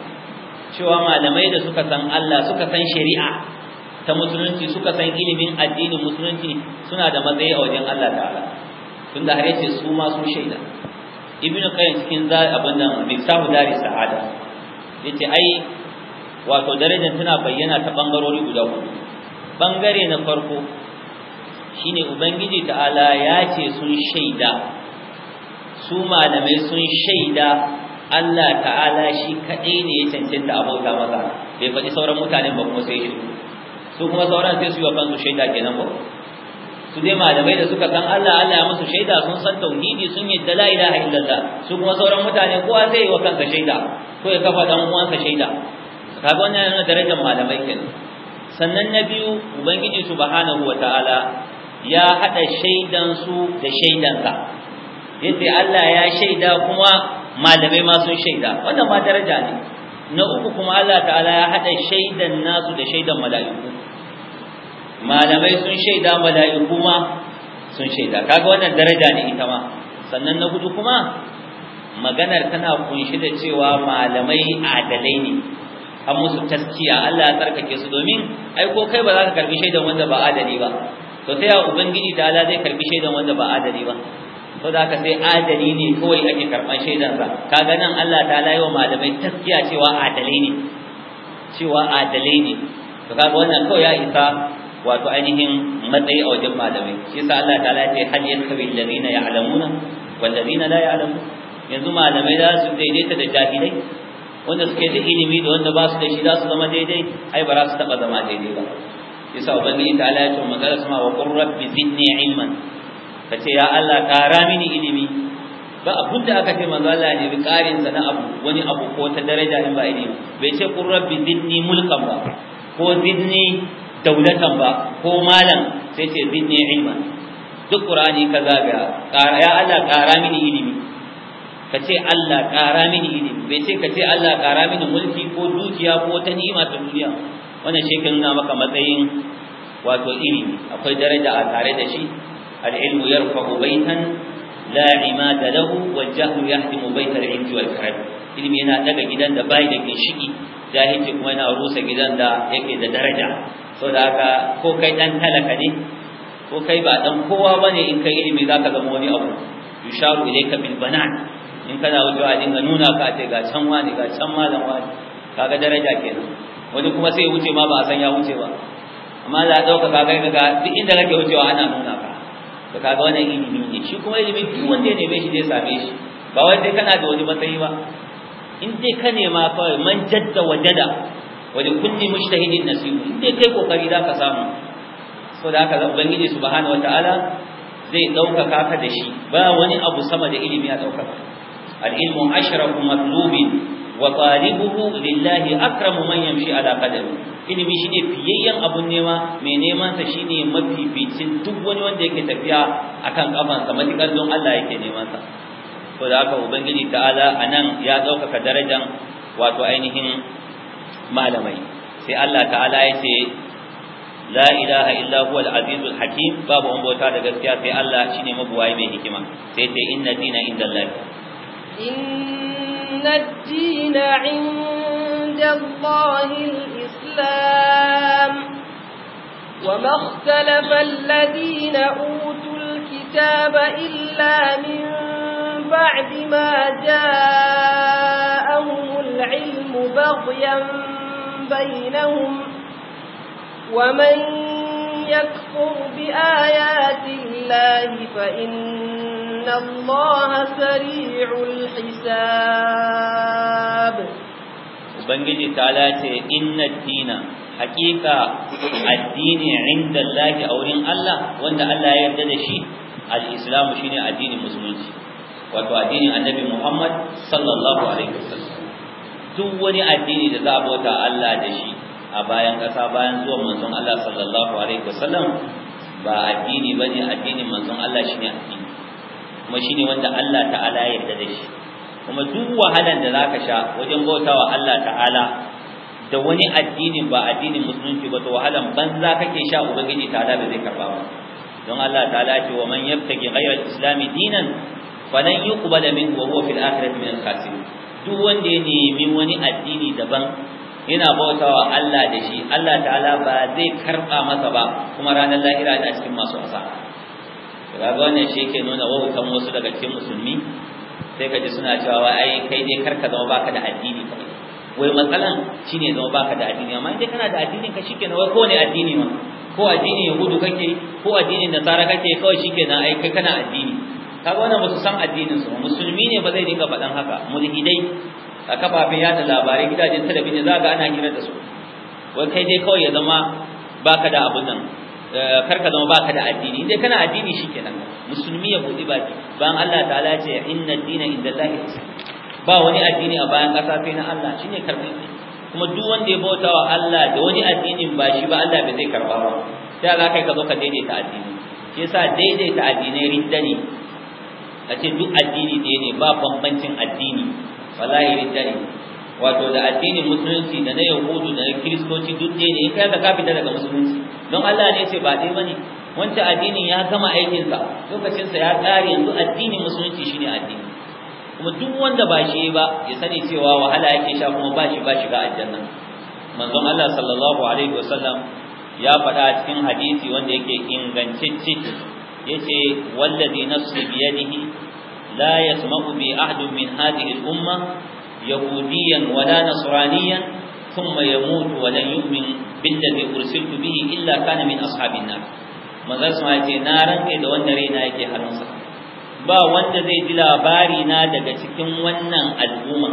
cewa malamai da suka san Allah suka san shari'a ta musulunci suka san ilimin addinin musulunci suna da matsayi a wajen Allah ta'ala tunda har yace su ma su shaida ibnu qayyim cikin za abin nan sahu dari sa'ada yace ai wato darajar tana bayyana ta bangarori guda hudu bangare na farko shine ubangiji ta'ala ya ce sun shaida su malamai sun shaida Allah ta'ala shi kadai ne ya cancanta abota maza, bai faɗi sauran mutanen ba kuma sai shi su kuma sauran sai su yi wa kansu shaida kenan ko su dai malamai da suka san Allah Allah ya musu shaida sun san tauhidi sun yi la ilaha illallah su kuma sauran mutane kowa zai yi wa kansa shaida ko ya kafa dan uwansa shaida kaga wannan yana darajar malamai kenan sannan na biyu ubangiji subhanahu wataala ya hada shaidan su da shaidansa yace Allah ya shaida kuma malamai ma sun shaida wannan ma daraja ne na uku kuma Allah ta'ala ya hada shaidan nasu da shaidan mala'iku malamai sun shaida mala'iku ma sun shaida kaga wannan daraja ne ita ma sannan na gudu kuma maganar tana kunshi da cewa malamai adalai ne an musu taskiya Allah ya tsarkake su domin ai ko kai ba za ka karbi shaidan wanda ba adali ba to sai ya ubangiji da Allah zai karbi shaidan wanda ba adali ba to da ka sai adali ne kawai ake karban shaidan sa kaga nan Allah ta la yawa malamai taskiya cewa adalai ne cewa adalai ne to kaga wannan kawai ya isa wato ainihin matsayi a wajen malamai shi sa Allah ta'ala ya ce hal yastawi alladhina ya'lamuna wal ladina la ya'lamun yanzu malamai za su daidaita da jahilai wanda suke da ilimi da wanda ba su da shi za su zama daidai ai ba za su taɓa zama daidai ba yasa ubangiji ta'ala ya ce magana sama wa qur rabbi zidni ilman ce ya Allah ƙara mini ilimi ba abun da aka ce manzo Allah ne bi karin sa na abu wani abu ko ta daraja in ba ilimi bai ce qur rabbi zidni mulkan ba ko zidni daulatan ba ko malam sai ce zinne ilma duk qur'ani ka zagaya ƙara ya Allah ƙara mini ilimi ka ce Allah ƙara mini ilimi bai ce ka ce Allah ƙara mini mulki ko dukiya ko ta ni'ima ta duniya wannan shi ke nuna maka matsayin wato ilimi akwai daraja a tare da shi al-ilmu yarfa'u baitan la imada lahu wal jahlu yahdimu baita al-ilmi wal karam ilimi yana daga gidan da bai da ginshiki jahilci kuma yana rusa gidan da yake da daraja so da aka ko kai dan talaka ne ko kai ba dan kowa bane in kai ilimi zaka zama wani abu yusharu ilayka bil banan in kana a dinga nuna ka ce ga can wani ga can malam wani kaga daraja kenan wani kuma sai wuce ma ba a san ya wuce ba amma da dauka kaga ga duk inda kake wucewa ana nuna ka to kaga wannan ilimi ne shi kuma ilimi duk wanda ya neme shi zai same shi ba wai dai kana da wani matsayi ba in dai ka nema kawai man jadda wajada wani kulli mujtahidin nasibu in kai kokari zaka samu saboda haka ubangiji subhanahu wataala zai ɗaukaka ka da shi ba wani abu sama da ilimi a ɗaukaka al-ilmu ashrafu matlubin wa talibuhu lillahi akramu man yamshi ala qadami ilimi shine fiyayyen abun nema mai neman sa shine mafificin duk wani wanda yake tafiya akan kafansa matikar don Allah yake neman sa to da haka ubangiji ta'ala anan ya ɗaukaka darajan wato ainihin malamai sai Allah ta'ala ya ce la ilaha illa huwa al-azizul hakim babu an bauta da gaskiya sai Allah shine mabuwayi mai hikima sai ce inna dina indallahi inna dina indallahi al-islam وما اختلف الذين أوتوا الكتاب إلا من بعد ما جاءوا العلم بغيا بينهم ومن يكفر بآيات الله فإن الله سريع الحساب Ubangiji ta lace inna dina hakika addini inda Allah a wurin Allah wanda Allah ya yarda da shi al-islamu shine addinin musulunci wato addinin annabi Muhammad sallallahu alaihi wasallam duk wani addini da za a bauta Allah da shi a bayan ƙasa bayan zuwan manzon Allah sallallahu alaihi wasallam ba addini bane addinin manzon Allah shine addini kuma shine wanda Allah ta'ala ya yarda da shi kuma duk wahalan da zaka sha wajen bautawa Allah ta'ala da wani addinin ba addinin musulunci ba to wahalan banza kake sha ubangiji ta'ala ba zai karba ba don Allah ta'ala ce wa man yabtagi ghayra al-islam dinan falan yuqbala minhu wa huwa fil akhirati min al-khasirin duk wanda ya nemi wani addini daban yana bautawa Allah da shi Allah ta'ala ba zai karba masa ba kuma ranar lahira da cikin masu asara ga wannan shi yake nuna wautan wasu daga cikin musulmi sai ji suna cewa wai ai kai dai karka zama baka da addini kawai wai matsalan shine zama baka da addini amma idan kana da addini ka na wai ko ne addini ma ko addinin yahudu kake ko addinin nasara kake kawai na ai kai kana addini kaga wannan ba su san addinin su musulmi ne ba zai dinga faɗan haka mulhidai a kafafen yada labarai gidajen talabijin za ga ana hira da su wai kai dai kawai ya zama baka da abun nan eh, karka zama baka da addini indai kana addini shikenan musulmi ya buɗi baki bayan Allah ta'ala ya ce inna dina indallahi ba wani addini a bayan ƙasa sai na Allah shine karɓi kuma duk wanda ya bauta wa Allah da wani addinin ba shi ba Allah bai zai karɓa ba sai Allah kai ka zo ka daidaita addini shi yasa daidaita addinai ridda a ce duk addini ɗaya ne ba bambancin addini wallahi rijali wato da addinin musulunci da na yahudu da na kiristoci duk ɗaya ne kai ka fita daga musulunci don Allah ne ce ba ɗaya bane wancan addinin ya gama aikinsa lokacinsa ya ƙare yanzu addinin musulunci shine addini kuma duk wanda ba shi ba ya sani cewa wahala yake sha kuma ba shi ba shi ga aljanna manzon Allah sallallahu alaihi wasallam ya faɗa a cikin hadisi wanda yake ingantacce yace wallazi nafsi biyadihi la yasma'u bi ahadin min hadhihi al-umma yahudiyan wala nasraniyan ثم يموت ولن يؤمن بالذي ارسلت به الا كان من اصحاب النار manzon sama ya ce na ranke da wanda raina yake hannunsa ba wanda zai ji labari na daga cikin wannan al'umma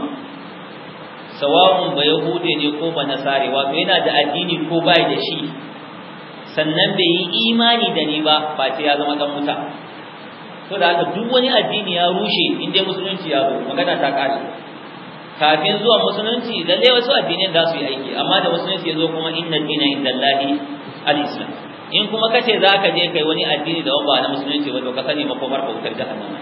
sawa'un ba yahude ne ko ba nasare wato yana da addini ko bai da shi sannan bai yi imani da ni ba face ya zama dan wuta to da haka duk wani addini ya rushe in dai musulunci ya zo magana ta kare kafin zuwa musulunci dai wasu addinai za su yi aiki amma da musulunci ya zo kuma inna dina indallahi alislam in kuma kace zaka je kai wani addini da wanda na musulunci to ka sani makomar kautar jahannama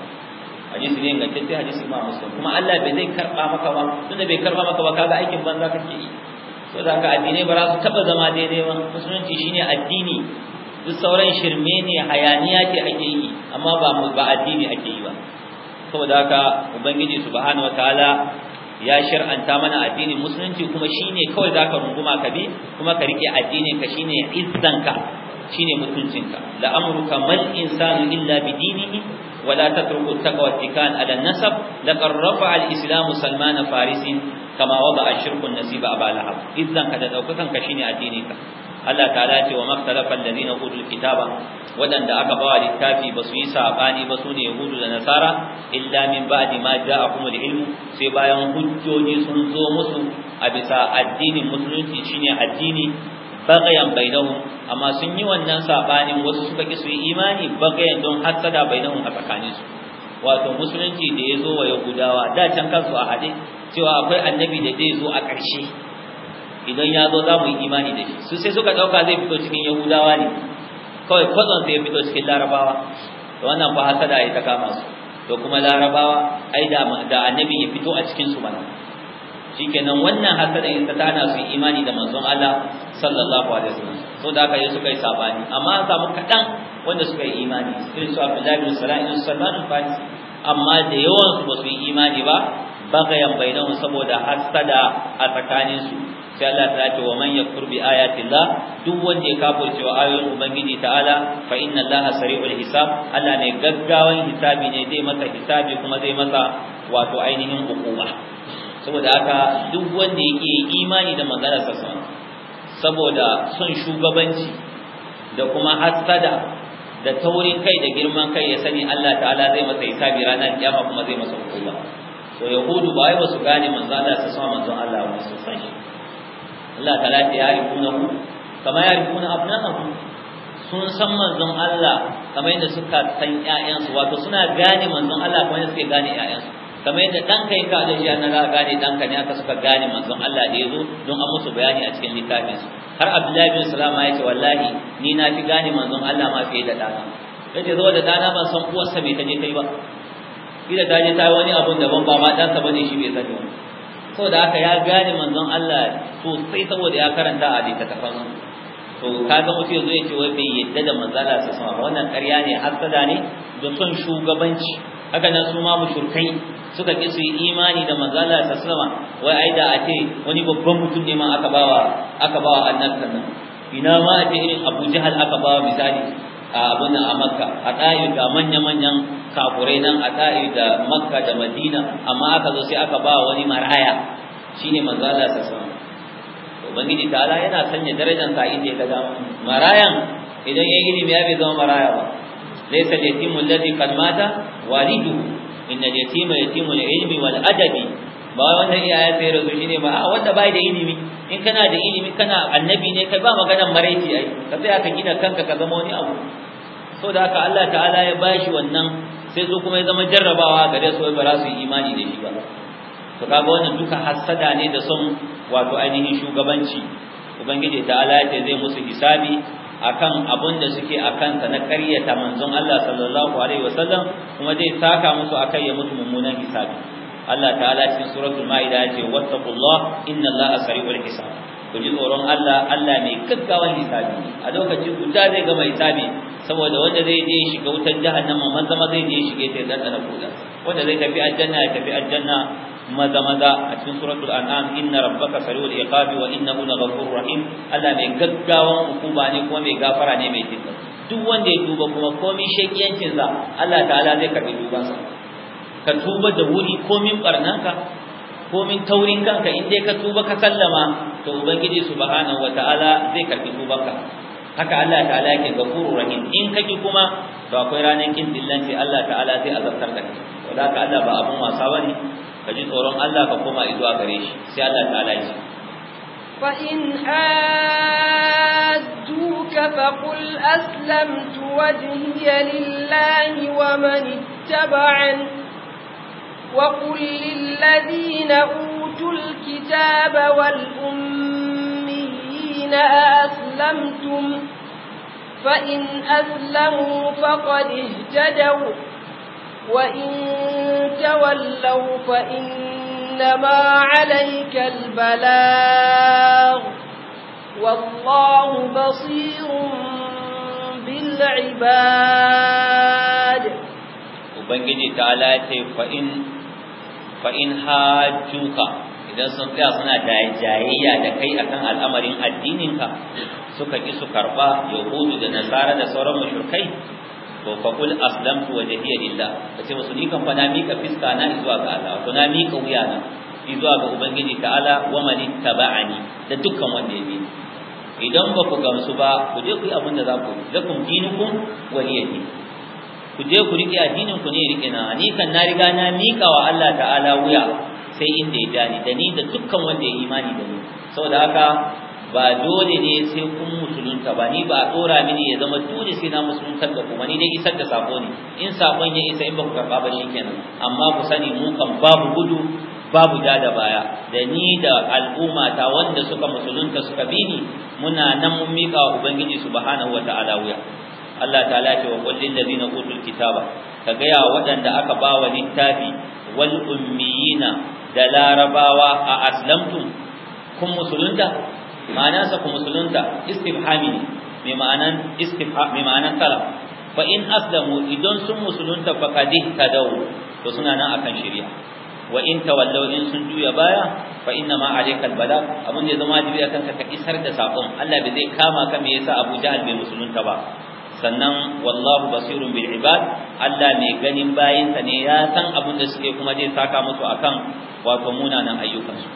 hadisi ne ingantacce hadisi ma musulmi kuma Allah bai zai karba maka ba tunda bai karba maka ba kaga aikin banza kake yi to da haka addinai ba za su taba zama daidai ba musulunci shine addini duk sauran shirme ne hayaniya ce ake yi amma ba ba addini ake yi ba saboda haka ubangiji subhanahu wataala ya shar'anta mana addini. musulunci kuma shine kawai ka runguma ka bi kuma ka rike addinin ka shine izzanka shine mutuncinka la amruka mal insanu illa bidinihi ولا تتركوا التقوى اتكال على النسب لقد رفع الإسلام سلمان فارس كما وضع الشرك النسيب أبا لهب إذن قد دوككن كشيني أدينك Allah ta'ala ce wa maktalafal ladina utul kitaba Waɗanda aka bawa littafi basu yi sabani ba sune yahudu da nasara illa min ba'di ma kuma da ilm sai bayan hujjoji sun zo musu a bisa addinin musulunci shine addini bagayan bainahum amma sun yi wannan sabanin wasu suka ki su yi imani bagayan don hasada bainahum a tsakanin su wato musulunci da ya zo wa yahudawa da can kansu a hade cewa akwai annabi da zai zo a ƙarshe idan ya zo za mu yi imani da shi su sai suka ɗauka zai fito cikin yahudawa ne kawai kwazon sai ya fito cikin larabawa to wannan ba hasada ya ta kama su to kuma larabawa ai da annabi ya fito a cikin su mana shikenan wannan hasadan ita ta tana su imani da manzon Allah sallallahu alaihi wasallam to da ka yi suka yi sabani amma an samu kadan wanda suka yi imani irin su Abdullahi bin Salam ibn Salman amma da yawan su ba su yi imani ba bagayan bainahu saboda hasada a tsakanin su sai Allah ta ce wa man yakfur bi ayati Allah duk wanda ya kafirce wa ayoyin ubangiji ta'ala fa inna Allah sari'ul hisab Allah ne gaggawan hisabi ne zai masa hisabi kuma zai masa wato ainihin hukuma saboda haka duk wanda yake imani da manzon sa saboda son shugabanci da kuma hasada da taurin kai da girman kai ya sani Allah ta'ala zai masa hisabi ranar kiyama kuma zai masa hukuma to yahudu ba wai ba su gane manzo Allah sai sa manzo Allah ba su sani. Allah ta'ala ya yarifuna ku kama yarifuna abnahum sun san manzo Allah kamar yadda suka san ƴaƴansu wato suna gane manzo Allah kamar yadda suke gane ƴaƴansu kamar yadda ɗanka ya kawo da shi na za gane ɗanka ne aka suka gane manzon Allah da ya zo don a musu bayani a cikin littafinsu har abdullahi bin salama ya ce wallahi ni na fi gane manzon Allah ma fiye da ɗana ya zo da ɗana ban san uwarsa mai ta je ba ita ta je ta yi wani abun daban ba ma ɗansa ba ne shi bai sani wani saboda haka ya gane manzon Allah sosai saboda ya karanta a littattafan to ga mutum zo ya ce wai bai yadda da manzala su sama ba wannan ƙarya ne hasada ne da son shugabanci haka nan su ma mushrikai suka ki su imani da manzo ta sama wai ai da ake wani babban mutum ne ma aka bawa aka bawa annabi nan ina ma ake irin Abu Jahal aka bawa misali a abun a Makka a ta'i ga manya-manyan kafurai nan a ta'i da Makka da Madina amma aka zo sai aka bawa wani maraya shine manzo ta sama alaihi wasallam ubangiji ta'ala yana sanya darajar sa inda ya ga marayan idan ya ilimi ya bai zama maraya ba laysa al-yatimu alladhi qad mata waliduhu inna al-yatima yatimu ilmi adabi ba wanda iyaye sai razu shine ba a wanda bai da ilimi in kana da ilimi kana annabi ne kai ba maganar maraici ai ka tsaya ka gina kanka ka zama wani abu so da haka Allah ta'ala ya bashi wannan sai zo kuma ya zama jarrabawa gare su ba za su yi imani da shi ba to kaga wannan duka hassada ne da son wato ainihin shugabanci ubangiji ta'ala ya ce zai musu hisabi akan abun da suke akan na karyata manzon Allah sallallahu alaihi wasallam kuma zai saka musu akai ya mutu mummunan hisabi Allah ta'ala cikin suratul maida ya ce wattaqullah innallaha sari'ul hisab ku ji tsoron Allah Allah mai gaggawan hisabi a lokacin guda zai gama hisabi saboda wanda zai je shiga wutar jahannama man zama zai je shige ta da na kuda wanda zai tafi aljanna ya tafi aljanna maza maza a cikin suratul an'am inna rabbaka sari'ul iqabi wa innahu laghafurur rahim Allah mai gaggawa hukuma ne kuma mai gafara ne mai jinka duk wanda ya duba kuma komai shakiyancin sa Allah ta'ala zai karbi duban sa ka tuba da wuri komin barnanka komin taurin kanka in dai ka tuba ka sallama to ubangiji subhanahu wataala zai karbi tubanka haka Allah ta'ala yake gafurur rahim in kake kuma to akwai ranar kin dillanci Allah ta'ala zai azabtar da kai to ka Allah ba abun wasa bane ka ji tsoron Allah ka koma zuwa gare shi sai Allah ta ala fa in adduka fa qul aslamtu wajhiya lillahi wa man ittaba'ani وقل للذين أوتوا الكتاب والأميين أأسلمتم فإن أسلموا فقد اهتدوا وإن تولوا فإنما عليك البلاغ والله بصير بالعباد Ubangiji ta ce fa'in hajjuka idan sun tsaya suna jayayya da kai akan al'amarin addininka suka ƙi su karɓa yahudu da nasara da sauran mashirkai ko fa kul aslamtu wajhiya lillah kace musu ni kan fa na mika fiska na zuwa ga Allah ko na mika wuya na zuwa ga ubangiji ta'ala wa man ittaba'ani da dukkan wanda ya bi idan ba ku gamsu ba ku je ku yi abin da za ku yi lakum dinukum waliyati ku je ku rike addinin ku ne rike na ni kan na riga na mika wa Allah ta'ala wuya sai inda ya dani da ni da dukkan wanda ya imani da ni saboda haka ba dole ne sai kun musulunta ba ni ba a tsora mini ya zama dole sai na musuluntar da kuma ni dai isar da sako ne in sakon ya isa in ba ku karɓa ba shi kenan amma ku sani mu kan babu gudu babu da da baya da ni da al'umma ta wanda suka musulunta suka bi ni muna nan mun miƙa wa ubangiji subhanahu wata'ala wuya Allah ta'ala ce wa qul lil ladina utul kitaba ka ga ya waɗanda aka bawa littafi wal ummiyina da larabawa a aslamtum kun musulunta ma'ana sa ku musulunta istifhami ne mai ma'anan istifham mai ma'anan talab fa in aslamu idan sun musulunta fa kadih tadawu to suna nan akan shirya. wa in tawallaw in sun juya baya fa inna ma alayka albala abun da zama wajibi akan ta isar da sakon Allah bai zai kama ka me yasa Abu Jahl bai musulunta ba sannan wallahu basirun bil Allah mai ganin bayinsa ne ya san abin da suke kuma zai saka musu akan wato munanan ayyukansu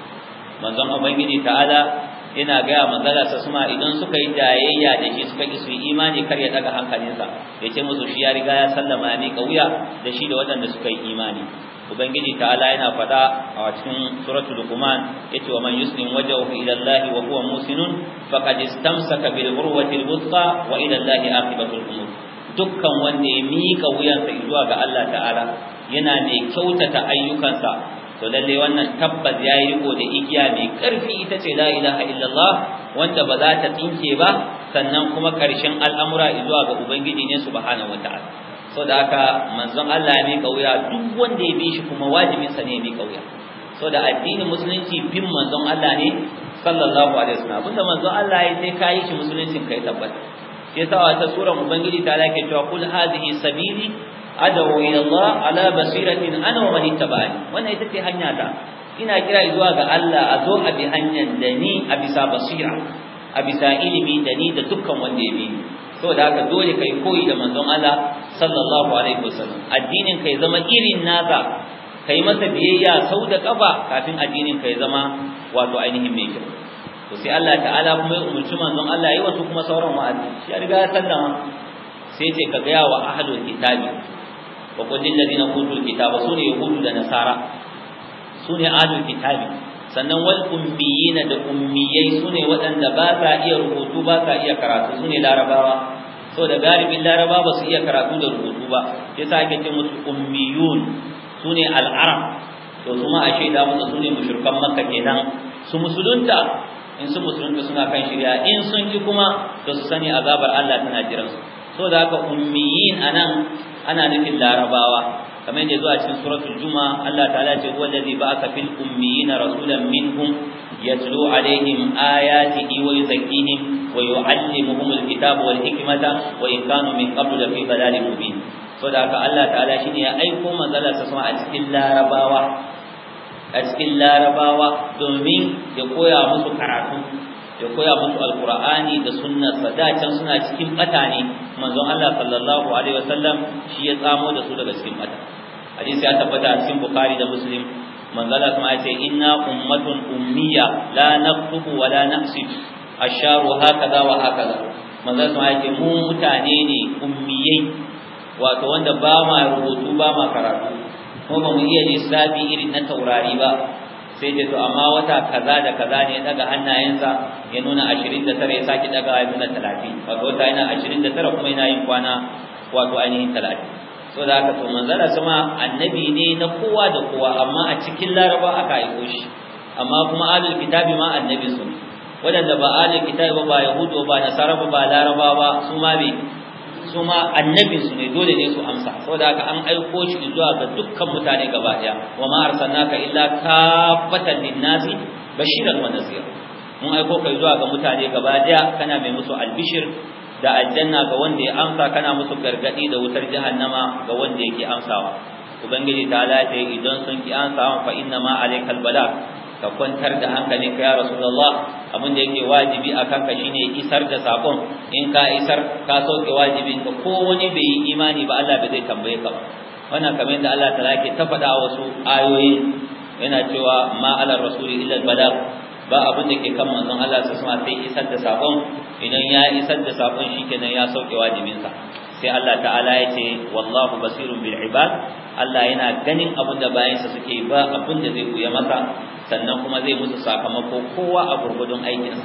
manzon ubangiji ta'ala yana gaya manzala sa, suma idan suka yi dayayya da shi suka ki su yi imani kar ya daga hankalinsa ya ce musu shi ya riga ya sallama ya miƙa wuya da shi da waɗanda suka yi imani ubangiji ta'ala yana faɗa a cikin suratul luqman yace wa man yuslim wajhahu ila allahi wa huwa musinun faqad istamsaka bil urwati al wa ila allahi aqibatul umur dukkan wanda ya miƙa wuyansa zuwa ga Allah ta'ala yana mai kyautata ayyukansa to lalle wannan tabbas yayi riko da igiya mai karfi ita ce la ilaha illallah wanda ba za ta tsinke ba sannan kuma karshen al'amura zuwa ga ubangiji ne subhanahu wataala saboda haka manzon Allah ya kauya duk wanda ya bi shi kuma wajibin sa ne ya kauya saboda addinin musulunci bin manzon Allah ne sallallahu alaihi wasallam abinda manzon Allah ya sai kai shi musulunci kai tabbata yasa a ta ubangiji ta lake cewa kul hadhihi sabili adawu ila Allah ala basiratin ana wa man ittaba'ani wannan ita ce hanya ta ina kira zuwa ga Allah a zo a bi hanyar da ni a bisa basira a bisa ilimi da ni da dukkan wanda ya bi saboda haka dole kai koyi da manzon Allah sallallahu alaihi wasallam addinin kai zama irin nasa kai masa biyayya sau da kafa kafin addinin kai zama wato ainihin mai kyau to sai Allah ta'ala kuma ya umurci manzon Allah yi wasu kuma sauran wa'azi shi ya riga ya sallama sai ce ka gaya wa ahlul kitabi wa qul lil ladina utul kitaba sune yahudu da nasara sune ahlul kitabi sannan wal ummiyina da ummiyai sune waɗanda ba sa iya rubutu ba sa iya karatu sune larabawa saboda galibin laraba ba su iya karatu da rubutu ba Ya sa ake ce musu ummiyun sune al'arab to su kuma a shaida musu sune mushrikan makka kenan su musulunta in su musulunta suna kan shirya in sun ki kuma to su sani azabar Allah tana jiran su so da haka ummiyin anan ana nufin larabawa kamar yadda zuwa cikin suratul juma Allah ta'ala ce huwa allazi ba'atha fil ummiyin rasulan minhum yatlu alaihim ayatihi wa yuzakkihim wa yu'allimuhum alkitaba wal hikmata wa in kanu min qablu lafi dalalin mubin so da haka Allah ta'ala shine ya aiko manzala sa sama a cikin larabawa a cikin larabawa domin ya koya musu karatu ya koya musu alkur'ani da sunnar can suna cikin bata ne manzon Allah sallallahu alaihi wasallam shi ya tsamo da su daga cikin bata hadisi ya tabbata a cikin bukhari da muslim manzon Allah kuma ya ce inna ummatun ummiya la naktubu wa la nahsib asharu hakaza wa hakaza manzon Allah ya ce mu mutane ne ummiyai wato wanda ba ma rubutu ba ma karatu ko ba mu iya lissafi irin na taurari ba sai dai to amma wata kaza da kaza ne daga hannayensa ya nuna 29 ya saki daga ya nuna 30 wato wata yana 29 kuma yana yin kwana wato ainihin 30 so da haka to manzara sama annabi ne na kowa da kowa amma a cikin laraba aka yi shi amma kuma alul kitabi ma annabi su wadanda ba alul kitabi ba ba yahudu ba nasara ba laraba ba su ma bai su annabinsu ne dole ne su amsa saboda haka an aiko shi zuwa ga dukkan mutane gaba daya wa ma arsalnaka illa kafatan linnasi bashiran wa nazira mun aiko kai zuwa ga mutane gaba daya kana mai musu albishir da aljanna ga wanda ya amsa kana musu gargadi da wutar jahannama ga wanda yake amsawa ubangiji ta lafiya idan sun ki amsa fa inna ma alaikal balagh ka kwantar da hankalinka ya rasulullah abin da yake wajibi a kanka shine isar da sakon in ka isar ka sauke wajibin ka ko wani bai yi imani ba Allah bai zai tambaye ka ba. wannan kamar da Allah ta'ala yake ta faɗa wasu ayoyi yana cewa ma ala rasuli illa bada ba abin da ke kan manzon Allah sai isar da sakon idan ya isar da sakon shikenan ya sauke wajibinsa sai Allah ta'ala ya ce wallahu basirun bil ibad Allah yana ganin abunda da bayansa suke ba abunda zai buya masa sannan kuma zai musu sakamako kowa a gurgudun aikinsa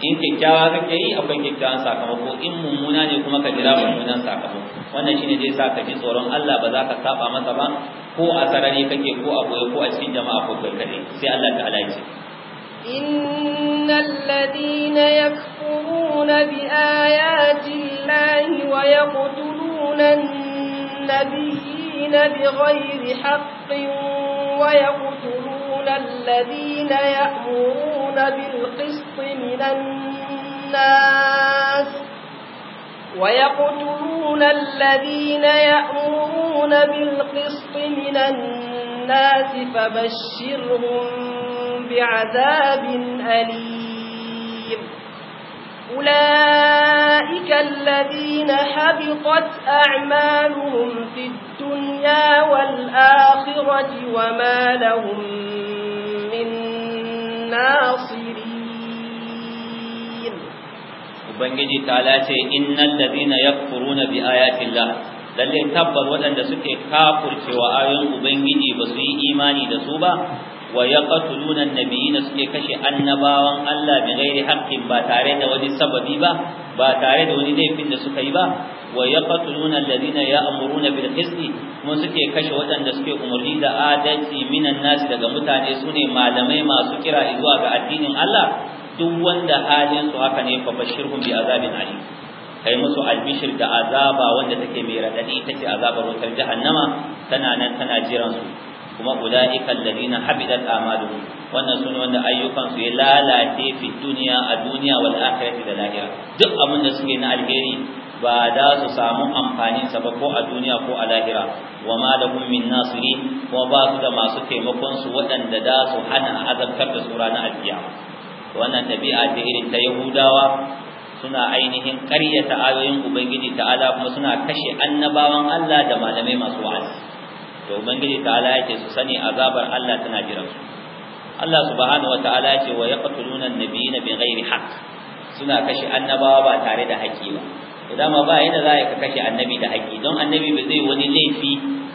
in kyakkyawa kake yi akwai kyakkyawan sakamako in mummuna ne kuma ka jira mummunan sakamako wannan shine zai sa ka ji tsoron Allah ba za ka saba masa ba ko a sarari kake ko a ko a cikin jama'a ko kai sai Allah ta'ala ya ce إن الذين يكفرون بآيات الله ويقتلون النبيين بغير حق ويقتلون الذين يأمرون بالقسط من الناس ويقتلون الذين يأمرون بالقسط من الناس فبشرهم بعذاب أليم أولئك الذين حبطت أعمالهم في الدنيا والآخرة وما لهم من ناصرين ubangiji ta lace ya ladina yakfuruna bi ayatillah lalle tabbar waɗanda suke kafurcewa ayoyin ubangiji ba su yi imani da su ba wa yaqtuluna annabiyina suke kashe annabawan Allah bi ghairi haqqin ba tare da wani sababi ba ba tare da wani laifin da suka yi ba wa Zina ya ya'muruna bil qisti kuma suke kashe waɗanda suke umarni da adalci minan Nasi daga mutane sune malamai masu kira zuwa ga addinin Allah duk wanda halin su haka ne fa bashirhum bi azabin alim kai musu albishir da azaba wanda take mai radadi ta ce azabar wutar jahannama tana nan tana jiran su kuma ulaika alladhina habidat amaluhum wannan sun wanda ayyukan su ya lalace fi duniya a duniya wal akhirati da lahira duk abin da suke na alheri ba da su samu amfanin sa ba ko a duniya ko a lahira wa ma lahum min nasiri kuma ba su da masu taimakon su waɗanda da su hana azabtar da su ranar alkiyama wannan tabi'a da irin ta yahudawa suna ainihin ta ayoyin ubangiji Ala, kuma suna kashe annabawan Allah da malamai masu wa'azi to ubangiji ta'ala yake su sani azabar Allah tana jiran su Allah subhanahu wata'ala yake wa yaqtuluna an-nabiyina bighairi haqq suna kashe annabawa ba tare da haƙƙi ba to dama ba yadda za ka kashe annabi da haƙƙi, don annabi ba zai wani laifi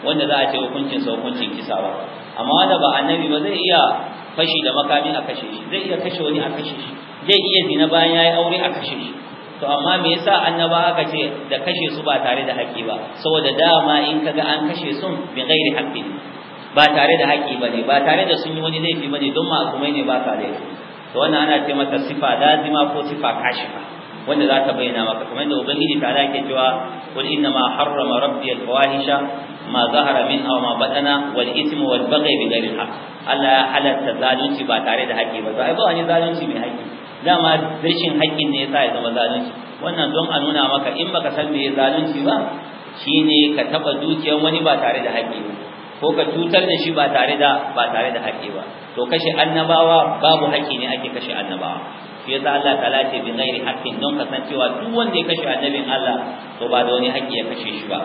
wanda za a ce hukuncin sa hukuncin kisa ba amma wanda ba annabi ba zai iya fashi da makami a kashe shi zai iya kashe wani a kashe shi zai iya zina bayan yayi aure a kashe shi to amma me yasa annaba aka ce da kashe su ba tare da haƙi ba saboda dama in kaga an kashe su bi ghairi haqqi ba tare da haƙi bane ba tare da sun yi wani laifi bane don ma kuma ne ba ka laifi to wannan ana ce mata sifa lazima ko sifa kashifa wanda za ta bayyana maka Kuma inda ubangiji ta ala ke cewa qul inna ma harrama rabbi al-fawahisha ma zahara min aw ma batana wal ismu wal baghi bi ghairi haqq Allah ya halatta zalunci ba tare da haƙƙi ba sai ba wani zalunci mai haƙƙi dama rashin haƙƙin ne yasa ya zama zalunci wannan don a nuna maka in baka san me zalunci ba shine ka taba dukiyar wani ba tare da haƙƙi ko ka cutar da shi ba tare da ba tare da haƙƙi ba to kashe annabawa babu haƙƙi ne ake kashe annabawa shi yasa Allah ta ce bi ghairi haqqin don kasancewa duk wanda ya kashe annabin Allah to ba da wani haƙƙi ya kashe shi ba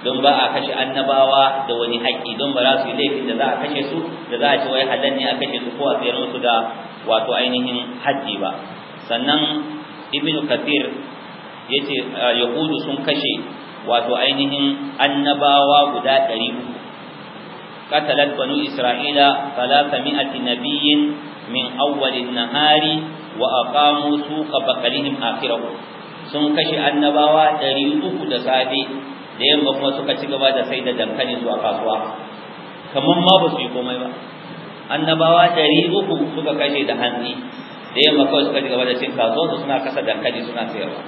don ba a kashe annabawa da wani haƙƙi don ba su yi laifin da za a kashe su da za a ce wai halal ne a kashe su ko a tsayar musu da wato ainihin haji ba sannan ibn kathir yace yahudu sun kashe wato ainihin annabawa guda 300 qatalat banu isra'ila 300 nabiyyin min awwalin nahari wa aqamu suqa baqalihim akhirahu sun kashe annabawa ɗari uku da safe da yamma kuma suka ci gaba da sai da dankali zuwa kasuwa kamar ma ba su yi komai ba annabawa ɗari uku suka kashe da hanzi da yamma kawai suka ci gaba da cin kasuwa su suna kasa dankali suna sayarwa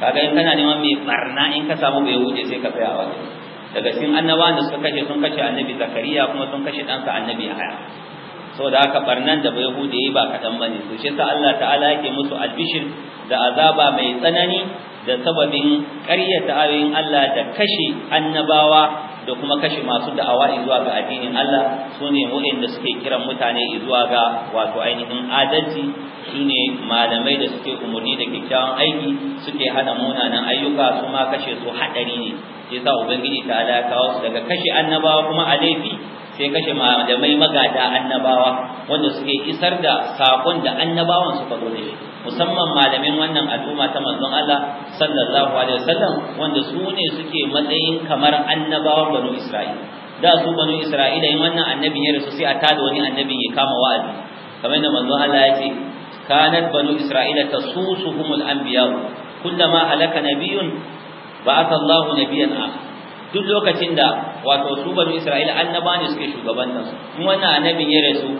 kaga in kana neman mai barna in ka samu bai wuce sai ka tsaya a wajen daga cikin annabawan da suka kashe sun kashe annabi zakariya kuma sun kashe ɗansa annabi yahaya saboda haka barnan da bai hude ba kadan bane to shi sa Allah ta'ala yake musu albishir da azaba mai tsanani da sababin ta ayoyin Allah da kashe annabawa da kuma kashe masu da'awa zuwa ga addinin Allah sune da suke kiran mutane zuwa ga wato ainihin adalci sune malamai da suke umarni da kyakkyawan aiki suke hana munanan ayyuka su ma kashe su hadari ne sa ubangiji ta'ala ya kawo su daga kashe annabawa kuma a laifi sai kashe malamai magada annabawa wanda suke isar da sakon da annabawan suka fado da musamman malamin wannan al'umma ta manzon Allah sallallahu alaihi wasallam wanda su ne suke matsayin kamar annabawan banu Isra'ila da su banu Isra'ila in wannan annabi ya rasu sai a tada wani annabi ya kama wa'azi kamar da manzon Allah ya ce kanat banu Isra'ila tasusuhumul anbiya kullama halaka nabiyun ba'atha Allahu nabiyyan akhar duk lokacin da wato su Isra'ila annaba ne suke shugabannin su in wannan annabin ya rasu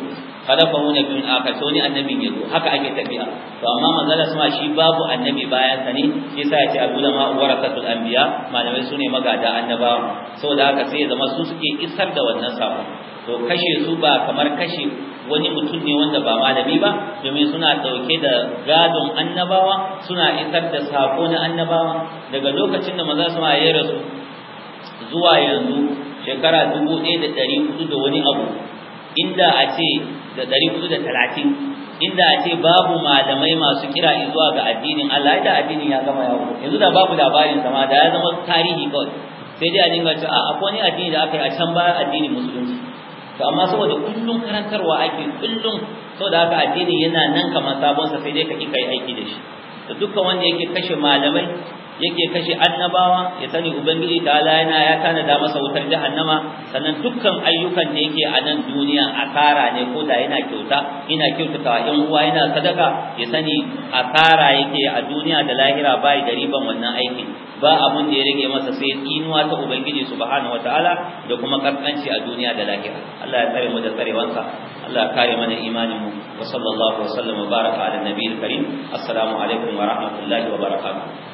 khalafahu nabiyyun aka to ni annabin ya zo haka ake tafiya to amma manzala sama shi babu annabi bayan sa ne shi yasa ya ce al-ulama warasatul anbiya malamai sune magada annaba saboda haka sai ya zama su suke isar da wannan sako to kashe su ba kamar kashe wani mutum ne wanda ba malami ba domin suna dauke da gadon annabawa suna isar da sako na annabawa daga lokacin da manzala sama ya rasu zuwa yanzu shekara dubu ɗaya da ɗari hudu da wani abu inda a ce da ɗari hudu da talatin inda a ce babu malamai masu kira zuwa ga addinin Allah da addinin ya gama yawo yanzu da babu labarin sama da ya zama tarihi kawai sai dai a dinga ce a akwai wani addini da aka yi a can baya addinin musulunci to amma saboda kullum karantarwa ake kullum saboda haka addini yana nan kamar sabon sa sai dai ka kika yi aiki da shi da dukkan wanda yake kashe malamai yake kashe annabawa ya sani ubangiji ta ta'ala yana ya tanada masa wutar jahannama sannan dukkan ayyukan da yake a nan duniya a kara ne ko da yana kyauta kyautata wa yan uwa yana sadaka ya sani a asara yake a duniya da lahira bai da riban wannan aiki ba abun da ya rage masa sai inuwa ta ubangiji subhanahu wataala da kuma karkanci a duniya da lahira Allah ya tsare mu da tsarewansa Allah ya kare mana imanin mu wa sallallahu wa sallama baraka ala nabiyil karim assalamu alaikum wa rahmatullahi wa barakatuh